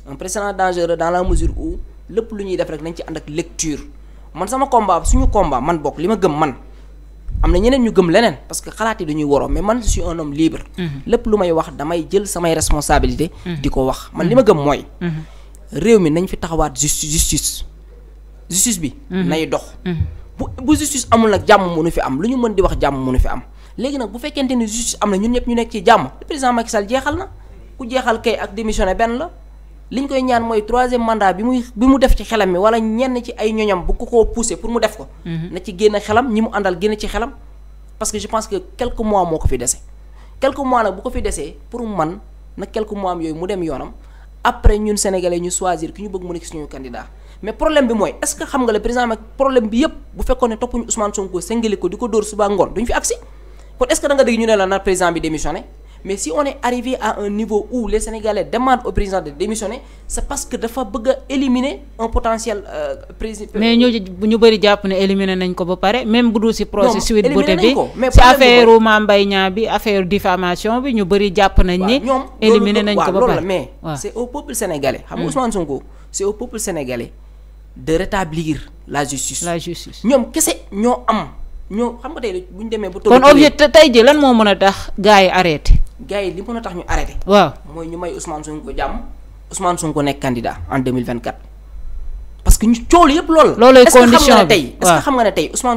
un précédent dangereux dans la mesure où lépp lu ñuy def rek nañ ci ànd ak lecture man sama combat suñu combat man bokk li ma gëm man am na ñeneen ñu gëm leneen parce que xalaat yi dañuy waroo mais man je suis un homme libre mhm. lépp lu may wax damay jël samay responsabilité mhm. di réew mi nañ fi taxawaat justice justice bi. Mhm. nay dox. Mhm. bu bu justice amul nag jàmm mu nu fi am lu ñu mën di wax jàmm mu nu fi am léegi nag bu fekkente ni justice am na ñu ñëpp ñu nekk ci jàmm le président Macky Sall jeexal na ku jeexal kay ak démissionné benn la. liñ koy ñaan mooy troisième mandat bi muy bi mu def ci xelam mi wala ñenn ci ay ñoñam bu ko koo poussé pour mu def ko. Mhm. na ci génn xelam ñi mu àndal génn ci xelam. parce que je pense que quelques mois moo ko fi dese quelques mois nag bu ko fi desee pour man nag quelques mois yooyu mu dem yoonam. après ñun sénégalais ñu choisir ki ñu bëgg mu nekk suñu candidat mais problème bi mooy est-ce xam nga le président Macky problème bi yëpp bu fekkoon ne toppuñu Ousmane Sonko sengale ko di ko dóor suba ngoon duñu fi agsi kon est-ce dégg ñu ne la na président bi démissionné mais si on est arrivé à un niveau où les Sénégalais demandent au président de démissionner c'est parce que dafa bëgg a éliminer un potentiel euh, président. Euh, mais ñu ñu bëri jàpp ne éliminer nañ ko ba pare même bu dul si procès suite bi si affaire Mame Mbaye Niang bi affaire diffamation bi ñu bëri jàpp nañ ni ñoom éliminer nañ ko ba pare mais c'est au peuple sénégalais xam nga hmm. Ousmane Sonko c'est au peuple sénégalais de rétablir la justice la ñoom kese ñoo am ñoo xam nga tey bu ñu demee ba. kon objet tey ji lan moo mën a tax gars yi arrêté. gars yi li mën a tax ñu arrêté. waaw mooy ñu may Ousmane Sonko jàmm Ousmane Sonko nekk candidat en 2024. parce que ñu coow yëpp loolu la. loolooy bi que xam nga ne tey est ce que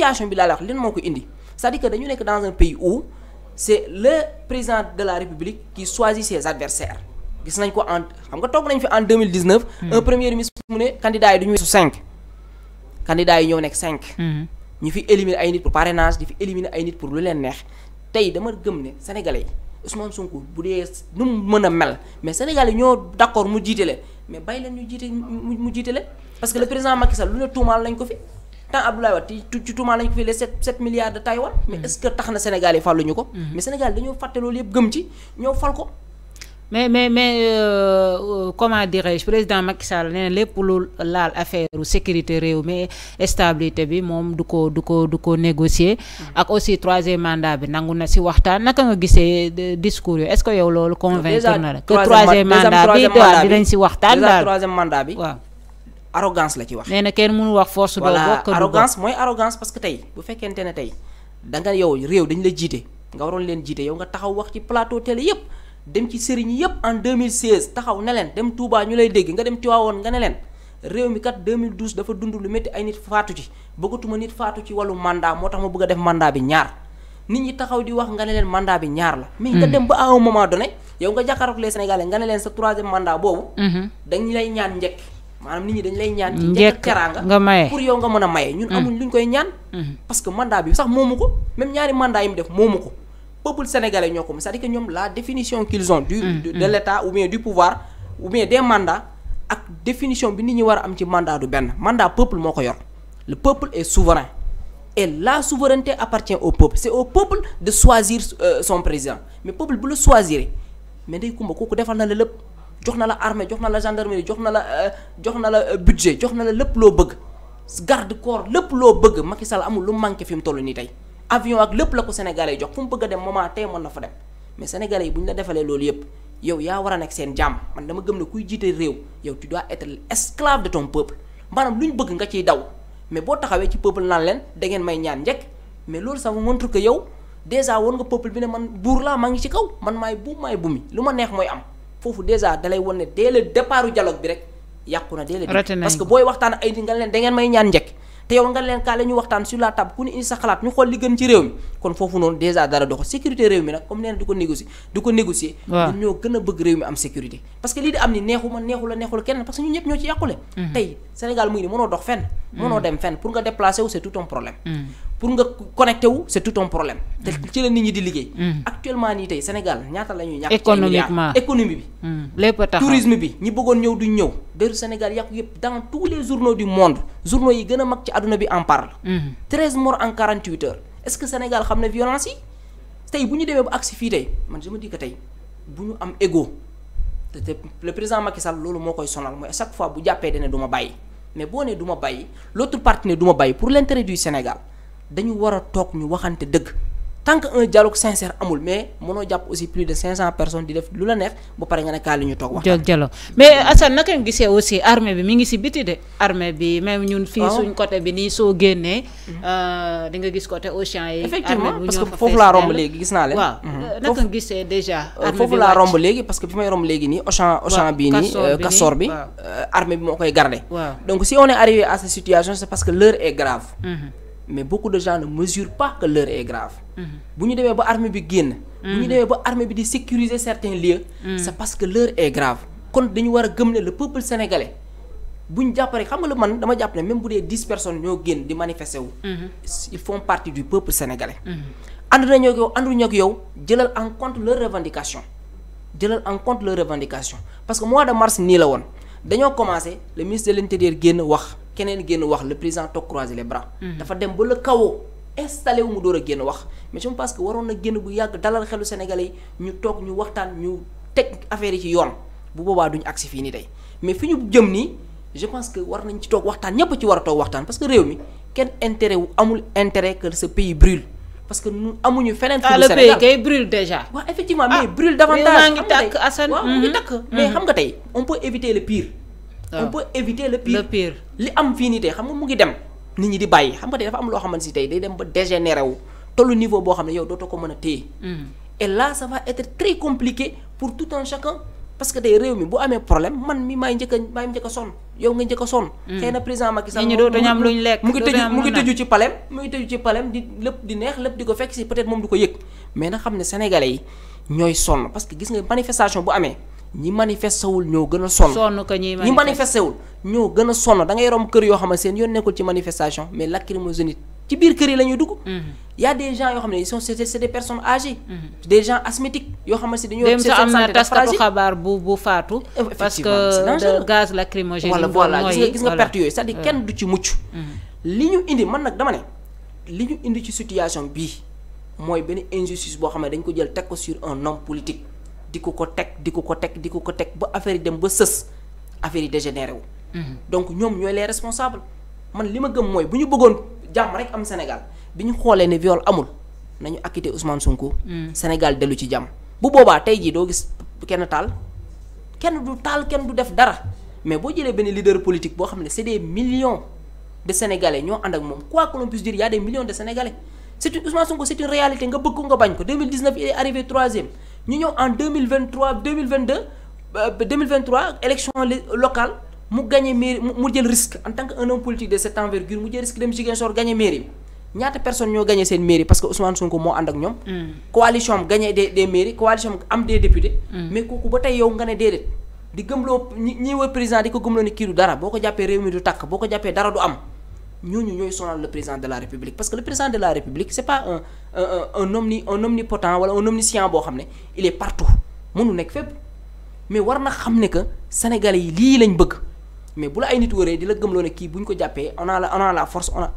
xam bi en la wax lan moo ko indi c'est-à-dire que dañu nekk dans un pays où c'est le président de la République qui choisit ses adversaires gis nañ ko en xam nga toog nañ fi en 2019 hmm. un premier ministre mu ne candidat yi du weesu 5 candidats yi ñoo nekk cinq. Mm-hmm. ñu fi éliminer ay nit pour parrainage di fi éliminer ay nit pour lu leen neex tey dama gëm ne sénégalais yi Ousmane Sonko bu dee nu mu mën a mel mais sénégalais yi ñoo d'accord mu jiite leen mais bàyyi leen ñu jiite mu mu jiite leen parce que le président Macky Sall lu ne tuumaal lañ ko fi tant Abdoulaye Wade ci tuumaal lañ ko fi les sept sept milliards de Taïwan. mais mm-hmm. est tax na Sénégal yi fàlluñu ko. Mm-hmm. mais Sénégal dañoo fàtte loolu yëpp gëm ci ñoo mais mais mais euh, euh comment dirais président Macky Sall nee lépp lu laal affaire sécurité réew mais stabilité bi moom du ko du ko du ko négocier. Mm. ak aussi troisième mandat bi nangu na si waxtaan naka nga gisee euh, discours yooyu est-ce que yow loolu. convaincre na la que troisième mandat bi dinañ si waxtaan daal troisième mandat bi waaw. arrogance la ci wax. nee na kenn mënu wax force. doo bokk arrogance mooy arrogance parce que tey bu fekkente ne tey da nga yow réew dañu la jiite nga waroon leen jiite yow nga taxaw wax ci plateau télé yépp dem ci sëriñ yépp en 2016 taxaw ne leen dem Touba ñu lay dégg nga dem Tiwaawoon nga ne leen réew mi kat 2012 dafa dund lu métti ay nit faatu ci bëggatuma nit faatu ci wàllu mandat moo tax ma bëgg a def mandat bi ñaar nit taxaw di wax nga ne leen mandat bi ñaar la. mais nga hmm. dem ba à un moment donné yow nga jàkkaarloog les Sénégalais nga ne leen sa troisième mandat boobu. Hmm. dañ lay ñaan njëkk maanaam nit ñi dañ lay ñaan. ci njëkk teraanga pour yow nga mën a maye. ñun hmm. amuñ luñ koy ñaan. parce que mandat bi sax moomu ko même ñaari mandat yi mu def ko. peuple sénégalais ñoo ko moom cest ñoom la définition qu'ils ont du mm, de, mm. de l'état ou bien du pouvoir ou bien des mandats ak définition bi nit ñi war a am ci mandat du benn mandat peuple moo ko yor le peuple est souverain et la souveraineté appartient au peuple c'est au peuple de choisir euh, son président mais peuple bu la choisir mais day kumba kooku defal na la lépp jox na la armée jox na la gendarmerie jox na la euh, jox na la euh, budget jox na la lépp loo bëgg garde corps lépp loo bëgg Macky Sall amul manqué fi mu toll nii tey avion ak lépp la ko sénégalais jox fu mu bëgg a dem moment tey mën na fa dem mais sénégalais yi bu ñu la defalee loolu yëpp yow yaa war a nekk seen jàmm man dama gëm ne kuy jiite réew yow tu dois être l'esclave de ton peuple maanaam ñu bëgg nga ciy daw mais boo taxawee ci peuple naan leen da ngeen may ñaan njëkk mais loolu ça vous montre yow déjà woon nga peuple bi ne man buur laa maa ngi ci kaw man maay buum maay bumi lu ma neex mooy am foofu déjà dalay wan ne dès le départ dialogue bi rek yàqu na dès le parce que booy waxtaan ay di nga leen da ngeen may ñaan njëkk te yow nga leen kaa ñu waxtaan su la table ku ne indi sa xalaat ñu xool li gën ci réew mi kon foofu noonu déjà dara dox sécurité réew mi nag comme nee na ko négocier di ko négocier am sécurité parce que lii di am ni neexu ma neexu la neexu la kenn parce que ñun ñëpp ñoo ci yàqule mm-hmm. tey Sénégal mu ngi mënoo dox fenn mm-hmm. mënoo dem fenn pour nga déplacer wu c'est tout un problème mm-hmm. pour nga connecté wu c' est tout un problème. te mm. ci la nit ñi di liggéey. Mm. actuellement nii tey Sénégal ñaata la ñuy ñàkk. économiquement économie bi. Mm. tourisme bi ñi bëggoon ñëw duñ ñëw. dëru Sénégal yàqu yëpp dans tous les journaux du monde journaux yi gën a mag ci àdduna bi en parle. 13 morts en 48 heures est ce que Sénégal xam na violence yi tey bu ñu demee ba agsi fii tey man je me dis que tey bu ñu am égo te te le président Macky loolu moo koy sonal mooy à fois bu jàppee dana du ma bàyyi mais boo nee du ma bàyyi l' ma bàyyi pour l' intérêt du Sénégal. dañu war toog ñu waxante dëkk tant que un dialogue sincère amul mais mënoo jàpp aussi plus de 500 personnes di def lu la neex pare nga ne ñu toog wax. jóg jalo mais Assane naka gisee aussi armée bi mi ngi si biti de. bi même ñun. fii suñ côté bi nii soo génnee. Mhm. Euh, di nga gis côté Auchan yi. effectivement foofu laa romb léegi gis naa leen. waaw mhm. euh, naka nga gisee déjà. Euh, armée bi laa romb léegi parce que bi may romb léegi nii. Auchan Auchan bii nii Castor bi armée bi moo koy garder. donc si on est arrivé à cette situation c'est parce que l'heure est grave. Mhm. mais beaucoup de gens ne mesurent pas que l'heure est grave. Mhm. bu ñu demee ba armée bi génn. bu ñu mhm. demee ba armée bi di sécuriser certains lieux. Mhm. c'est parce que l'heure est grave. kon dañu war a gëm ne le peuple sénégalais bu ñu jàpp xam nga la man dama jàpp ne même bu dee dix personnes ñoo génn di manifester wu. ils font partie du peuple sénégalais. ànd nañoo ak yow ànduñu ak yow jëlal en compte leur revendication jëlal en compte leur revendication parce que mois de mars nii la woon dañoo commencé le ministre de l'intérieur génn wax. keneen génn wax le président toog croiser les bras. Mm-hmm. dafa dem ba kawoo installé mu door a génn wax mais je pense que waroon na génn bu yàgg dalal xelu Sénégalais yi ñu toog ñu waxtaan ñu teg affaire yi ci yoon bu boobaa duñu agsi fii nii tey mais fi ñu jëm nii je pense que war nañ ci toog waxtaan ñëpp ci war a toog waxtaan parce que réew mi kenn intérêt wu amul intérêt que ce pays brûle parce que ñun amuñu feneen. fu ah, Sénégal kay brûle déjà. waaw effectivement on peut éviter le pire li am fii nii tey xam nga mu ngi dem nit ñi di bàyyi xam nga tey dafa am loo xamante si tey day dem ba dégénéré wu tollu niveau boo xam ne yow dootoo ko mën a téye mm-hmm. et là ça pour tout un chacun parce que tey réew mi bu amee problème mi maay njëkk a maay njëkk a sonn yow nga njëkk a sonn. Mm-hmm. xëy na président Macky lekk mu ngi tëju ngi tëju ci palem mu ngi tëju ci palem di lépp di neex lépp di ko fekk si peut-être moom du ko yëg mais na xam ne sénégalais yi ñooy sonn parce que gis nga manifestation bu amee ñi manifesté wul ñoo gën a sonn sonn wul ñoo gën a sonn da ngay romb kër yoo xam ne seen yoon nekkul ci manifestation mais lacrymogène it ci biir kër yi la ñuy dugg mm-hmm. y des gens yoo xam ne ils sont c'est des personnes âgées mm-hmm. des gens asthmatiques yoo xam ne dañoo dem sax am na taskatu xabaar bu bu faatu parce que gaz lacrymogène wala voilà gis nga gis nga perte yooyu c'est-à-dire euh. kenn du ci mucc mm-hmm. li ñu indi man nag dama ne li ñu indi ci situation bii mooy benn injustice boo xam ne dañ ko jël teg ko sur un homme politique di ko ko teg di ko ko teg di ko ko teg ba affaire yi dem ba sës affaire yi dégénéré wu. Mhm. donc ñoom ñooy les responsables man li ma gëm mooy bu ñu bëggoon jàmm rek am Sénégal bi ñu xoolee ne viol amul nañu acquitté Ousmane Sonko. Mhm. Sénégal dellu ci jàmm. bu boobaa tey jii doo gis kenn taal kenn du taal a des millions de réalité nga bëgg ko nga bañ ko 2019 il est arrivé troisième. ñu ñëw en deux mille vingt trois deux mille vingt deux euh, deux mille vingt trois élection locale mu gagné mairie mu jël risque en tant que un homme politique de cette envergure mu jël risque dem Ziguinchor gagné mairie ñaata personne ñoo gagné seen mairie parce que Ousmane Sonko moo ànd ak ñoom. Mm. coalition am gagné des des mairies coalition am am des députés. Mm. mais kooku ba tey yow nga ne déedéet. di gëmloo ñi ñi wër président di ko gëmloo ni kii du dara boo ko jàppee réew mi du tàkk ko jàppee dara du am. ñooñu ñooy sonal le président de la république parce que le président de la république c'est pas un un un omni un omnipotent wala un omniscient boo xam ne il est partout mënu nekk fépp mais war na xam ne que sénégalais yi lii lañ bëgg mais bu la ay nit wëree di la loo ne kii bu ñu ko jàppee on a la on a la force on a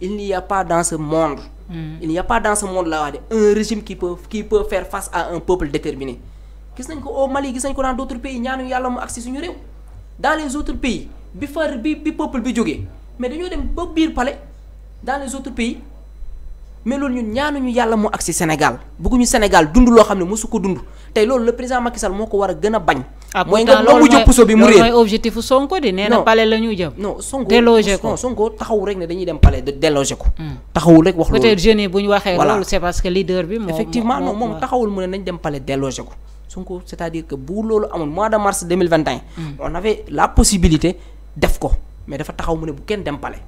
il n'y a pas dans ce monde. Mm. il n'y a pas dans ce monde laa wax de un régime qui peut qui peut faire face à un peuple déterminé. gis nañ ko au Mali gis nañ ko dans d'autres pays ñaanuñu yàlla mu agsi suñu réew dans les autres pays bi far bi bi bi jógee. mais dañoo dem ba biir palais dans les autres pays mais loolu ñun ñu yàlla mu agsi Sénégal bëgguñu Sénégal dundu loo xam ne su ko dund tey loolu le président Macky Sall moo ko war a gën a bañ. Ah, mooy nga nangu jëpp mooy objectif nee na palais la ñuy jëm. non Sonko délogé ko Sonko dañuy de délogé ko. Hmm. taxawul rek wax loolu peut-être jeunes yi waxee loolu c'est que leader bi. moom moom taxawul mu ne nañ dem palais délogé ko. Sonko c'est-à-dire que bu loolu amoon mois de mars 2021. Hmm. on avait la possibilité def ko. mais dafa taxaw mu ne bu kenn dem palais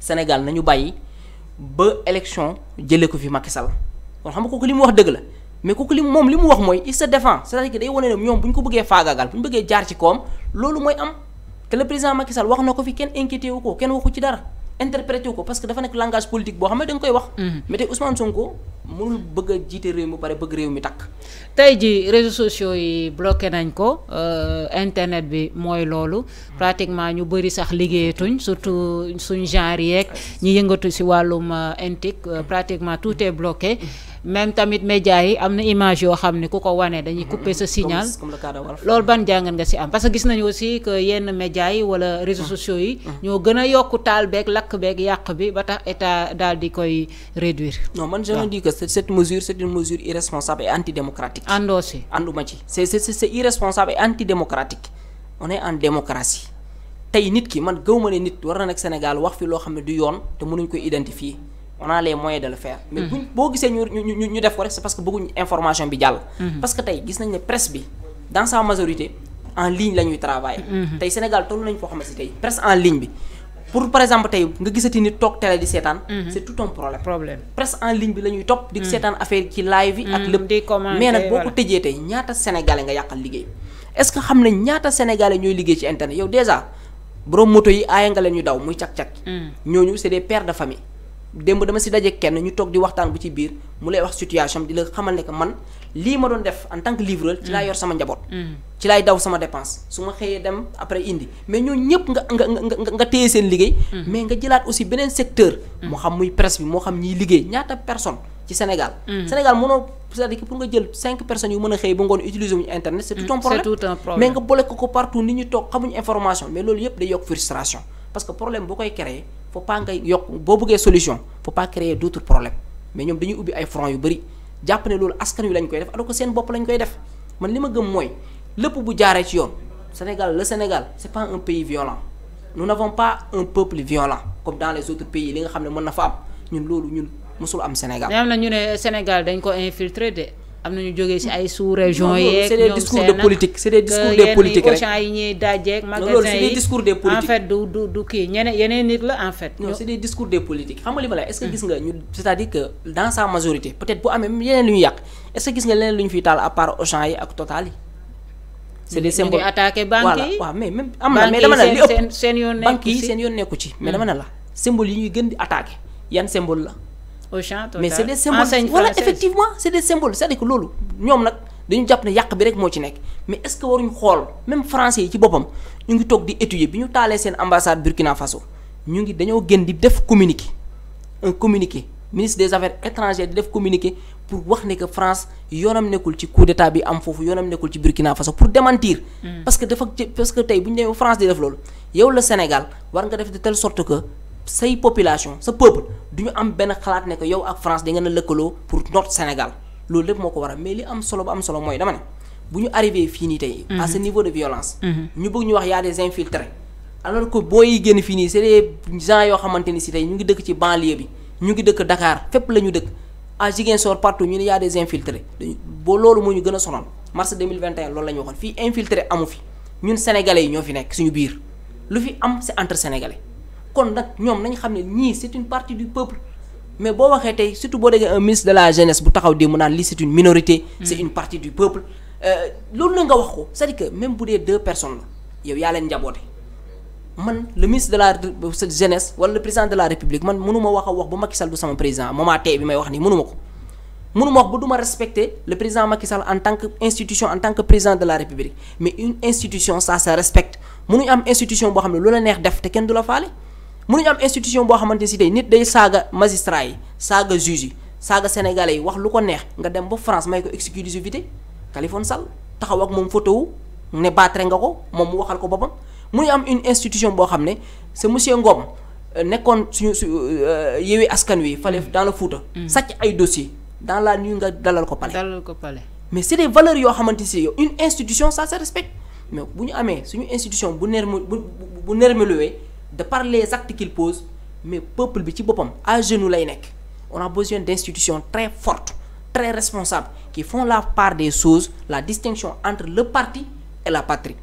Sénégal nañu bàyyi ba élection jëlee ko fi Macky Sall kon xam nga kooku li mu wax dëgg la mais kooku li moom li mu wax mooy il se défend c'est-à-dire que day wane ne ñoom bu ñu ko bëggee faagaagal bu ñu bëggee jaar ci koom loolu mooy am te le président Macky wax na ko fi kenn inquiété wu ko kenn waxu ci dara. interprété wu ko parce que dafa nekk langage politique boo xam ne da nga koy wax. Mhm. mais tey Sonko mënul bëgg a jiite réew mi ba pare bëgg réew mi takk. tey ji réseaux sociaux yi bloqué nañ ko euh, internet bi mooy loolu pratiquement ñu bëri sax liggéeyatuñ surtout suñ genre yeeg ñu yëngatu si wàllum euh, intique euh, pratiquement tout est bloqué. même tamit média yi am na image yoo xam ne ku ko wane dañuy mhm. couper sa signal loolu ban jàngat nga si am parce que gis nañu aussi que yenn média yi wala réseaux mhm. sociaux yi mhm. ñoo gën a yokku taal beeg lakk beeg yàq bi ba tax état daal di koy réduire non man je me dis que cette mesure c'est une mesure irresponsable et antidémocratique àndoo si ànduma ci c'est c'est irresponsable et antidémocratique on est en démocratie tey nit ki man gëw ma ne nit war na nekk Sénégal wax fi loo xam ne du yoon te mënuñ koy identifier on a les moyens de le faire. mais hmm. buñ boo gisee ñu ñu ñu def ko rek c'est parce que bëgguñ information bi jàll. Hmm. parce que tey gis nañ ne presse bi dans majorité en ligne la ñuy travailler. Hmm. tey Sénégal toll nañ foo xamante ne tey presse en ligne bi pour par exemple tey nga gisati nit toog télé di seetaan. c'est tout un problème. problème presse en ligne bi la ñuy topp. di seetaan affaire ci live yi. ak lépp mais nag boo ko tëjee tey ñaata sénégalais nga yàqal liggéey. est-ce que xam nañ ñaata sénégalais ñooy liggéey ci internet yow déjà borom moto yi aaye nga leen ñu daw muy cak-cak. ñooñu c'est des de famille démb dama si daje kenn ñu toog di waxtaan bu ci biir mu lay wax situation di la xamal ne que man lii ma doon def en tant que livreur ci laa yor sama njaboot. Mm. Mm. ci laay daw sama dépense su ma xëyee dem après indi mais ñoo ñëpp nga nga nga nga téye seen liggéey. Mm. mais nga jëlaat aussi beneen secteur. moo xam muy presse bi moo xam ñiy liggéey ñaata personne ci Sénégal. Sénégal mënoo c'est-à-dire pour nga jël cinq personnes yu mën a xëy ba ngoon utiliser wuñu internet. parce que problème boo koy créer faut pas ngay yokk boo bëggee solution faut pas créer d'autres problèmes mais ñoom dañuy ubbi ay front yu bëri jàpp ne loolu askan wi lañ koy def alors que seen bopp lañ koy def man li ma gëm mooy lépp bu jaaree ci yoon Sénégal le Sénégal c'est pas un pays violent nous n'avons pas un peuple violent comme dans les autres pays li nga xam ne mën na fa am ñun loolu ñun mësul am Sénégal. mais am na ñu ne Sénégal dañ ko infiltrer am na ñu jógee ci ay sous région yeeg. c'est des discours de politique c'est des discours des politiques rek yenn yi ñuy dajeeg magasin yi discours des politiques en fait du du du kii ñeneen yeneen nit la en fait. non c'est des discours des politiques xam nga li ma la est-ce que mm. gis nga ñu dire que dans majorité peut-être bu amee yeneen lu ñu yàq est-ce gis nga leneen lu ñu fiy taal à Auchan yi ak Total yi. c'est des symboles attaqué banques mais am na mais dama ne li ëpp banques yi seen yoon nekku ci mais dama ne la mm. symbole yi ñuy gën di attaqué yan symbole Auchan Total mais c'est des symboles voilà effectivement c'est des symboles c'est-à-dire loolu ñoom nag dañu jàpp ne yàq bi rek moo ci nekk mais est-ce que xool même français yi ci boppam ñu ngi toog di étudier bi ñu taalee seen ambassade Burkina Faso ñu ngi dañoo gën di def communiqué un communiqué ministre des affaires étrangères di def communiqué pour wax ne France yoonam nekkul ci coup d'état bi am foofu yoonam nekkul ci Burkina Faso pour démentir. Mm. parce dafa say population sa peuple du ñu am benn xalaat ne que yow ak France di ngeen lëkkaloo pour notre Sénégal loolu lépp moo ko waral mais li am solo ba am solo mooy dama ne bu ñu arrivé fii nii tey. à mhm. ce niveau de violence. Mhm. ñu bëgg ñu wax y a des infiltrés. fii nii c'est des yoo xamante ni si tey ñu ngi dëkk ci banlieue bi ñu ngi dëkk Dakar fépp la ñu dëkk à Ziguinchor partout ñu ne a des infiltrés dañu loolu moo ñu gën a sonal mars 2021 loolu la ñu waxoon fii infiltré amu fi ñun sénégalais yi ñoo fi nekk suñu biir lu fi am c'est entre sénégalais. kon nag ñoom nañ xam ne nii c'est une partie du peuple mais boo waxee tey surtout boo déggee un ministre de la jeunesse bu taxaw di mu naan lii c'est une minorité. c'est une partie du peuple. Euh, loolu la wax ko cest à bu dee deux personnes yow yaa leen njaboote man le wala le président de la république man mënuma a wax ba Macky Sall du sama président moment tey wax nii mënuma ko. mënuma wax ba duma respecter le président Macky Sall en tant en tant que se respecte mënuñ boo xam ne lu la neex def te kenn du la faale. mënuñu am institution boo xamante si tey nit day saaga magistrat yi saaga juge yi saaga sénégalais yi wax lu ko neex nga dem ba France may ko exclusivité Khaliphone Sall taxaw ak moom photo ne battre nga ko moom mu waxal ko ba boppam mënuñu am une institution boo xam ne c'est monsieur ngoom euh, nekkoon suñu su euh, yeewee askan wi. fale mm. dans le Fouta. Mm. sàcc ay dossiers dans la nuit nga dalal ko palais. dalal mais c'est des valeurs yoo xamante si yow une institution ça se respecte mais bu ñu amee suñu institution bu nerm bu bu nermeluwee de par les actes qu'il pose mais peuple bi ci boppam à genoux lay nekk on a besoin d'institutions très fort très responsable qui font la part des choses la distinction entre le parti et la patrie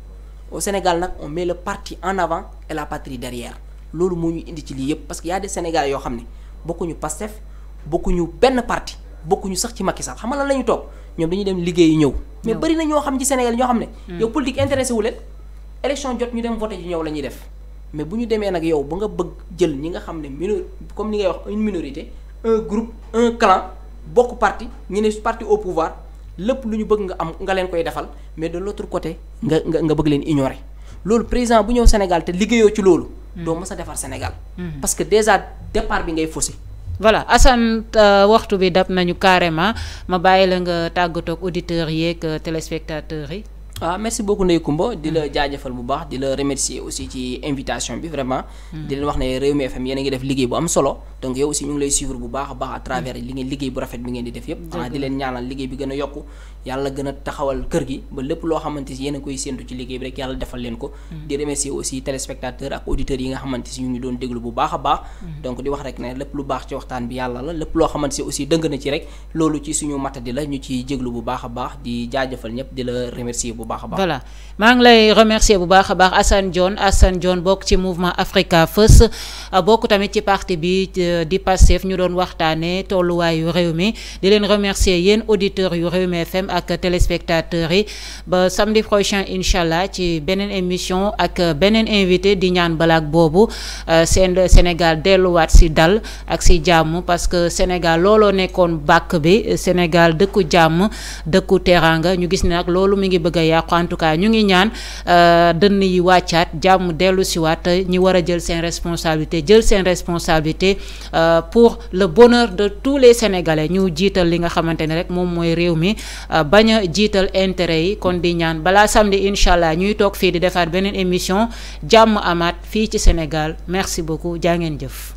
au Sénégal nag on met le parti en avant et la patrie derrière loolu moo ñu indi ci lii yëpp parce que y a des Sénégalais yoo xam ne bokkuñu Pastef bokkuñu benn parti bokkuñu sax ci Macky Sall xam nga lan la ñu toog ñoom dañuy dem liggéeyi ñëw. mais bari na ñoo xam ci Sénégal ñoo xam ne. Hmm. yow politique intéressé jot ñu dem voté ji ñëw la ñuy def. mais bu ñu demee nag yow ba nga bëgg jël ñi nga xam ne minor comme ni ngay wax une minorité un groupe un clan bokk parti ñu ne parti au pouvoir lépp lu ñu bëgg nga am nga leen koy defal mais de l'autre côté nga nga nga bëgg leen ignorer loolu président bu ñëw Sénégal te liggéeyoo ci loolu. Hmm. doo mës a defar Sénégal. Hmm. parce que déjà départ bi ngay faussé. voilà Assane euh, waxtu bi dab nañu carrément ma bàyyi la nga tàggatoo ak auditeurs yeeg euh, téléspectateurs yi. ah merci beaucoup Ndeye Comba di la mm. jaajëfal bu baax di la remercier aussi ci invitation bi vraiment. Mm. di leen wax ne Rewmi FM yéen a ngi def liggéey bu am solo donc yow aussi ñu ngi lay suivre bu baax a baax à mm. travers li ngeen liggéey bu rafet bi ngeen di def yépp. Ah, di leen ñaanal liggéey bi gën a yokku yàlla gën a taxawal kër gi ba lépp loo xamante si yéen a koy séentu ci liggéey bi rek yàlla defal leen ko mm-hmm. di remercier aussi téléspectateurs ak auditeurs yi nga xamante si ñu doon déglu bu baax a baax mm-hmm. donc di wax rek ne lépp lu baax bi yàlla la lépp a baax di jaajëfal ñëpp di la remercier bu baax a baax voilà maa ngi lay a bokk ci mouvement Africa First bokk tamit ci parti bi euh, di Pastef ñu doon waxtaane tolluwaayu réew mi di leen remercier yéen auditeurs yu Rewmi FM ak téléspectateurs yi ba samedi prochain incha allah ci beneen émission ak beneen invité di ñaan balaak boobu euh, seen Sénégal delluwaat si dal ak si jàmm parce que Sénégal looloo nekkoon bàkk bi Sénégal dëkku jàmm dëkku teraanga ñu gis ne nag loolu mi ngi bëgg a yàqu en tout cas ñu ngi ñaan euh, dënn yi wàccaat jàmm dellu si waat ñi war a jël seen responsabilité jël seen responsabilité euh, pour le bonheur de tous les Sénégalais ñu jiital li nga xamante rek moom mooy réew mi bañ a jiital intérêt yi kon di ñaan balaa samedi incha allah ñuy toog fii di defaat beneen émission jàmm amaat fii ci Sénégal merci beaucoup jaa ngeen jëf.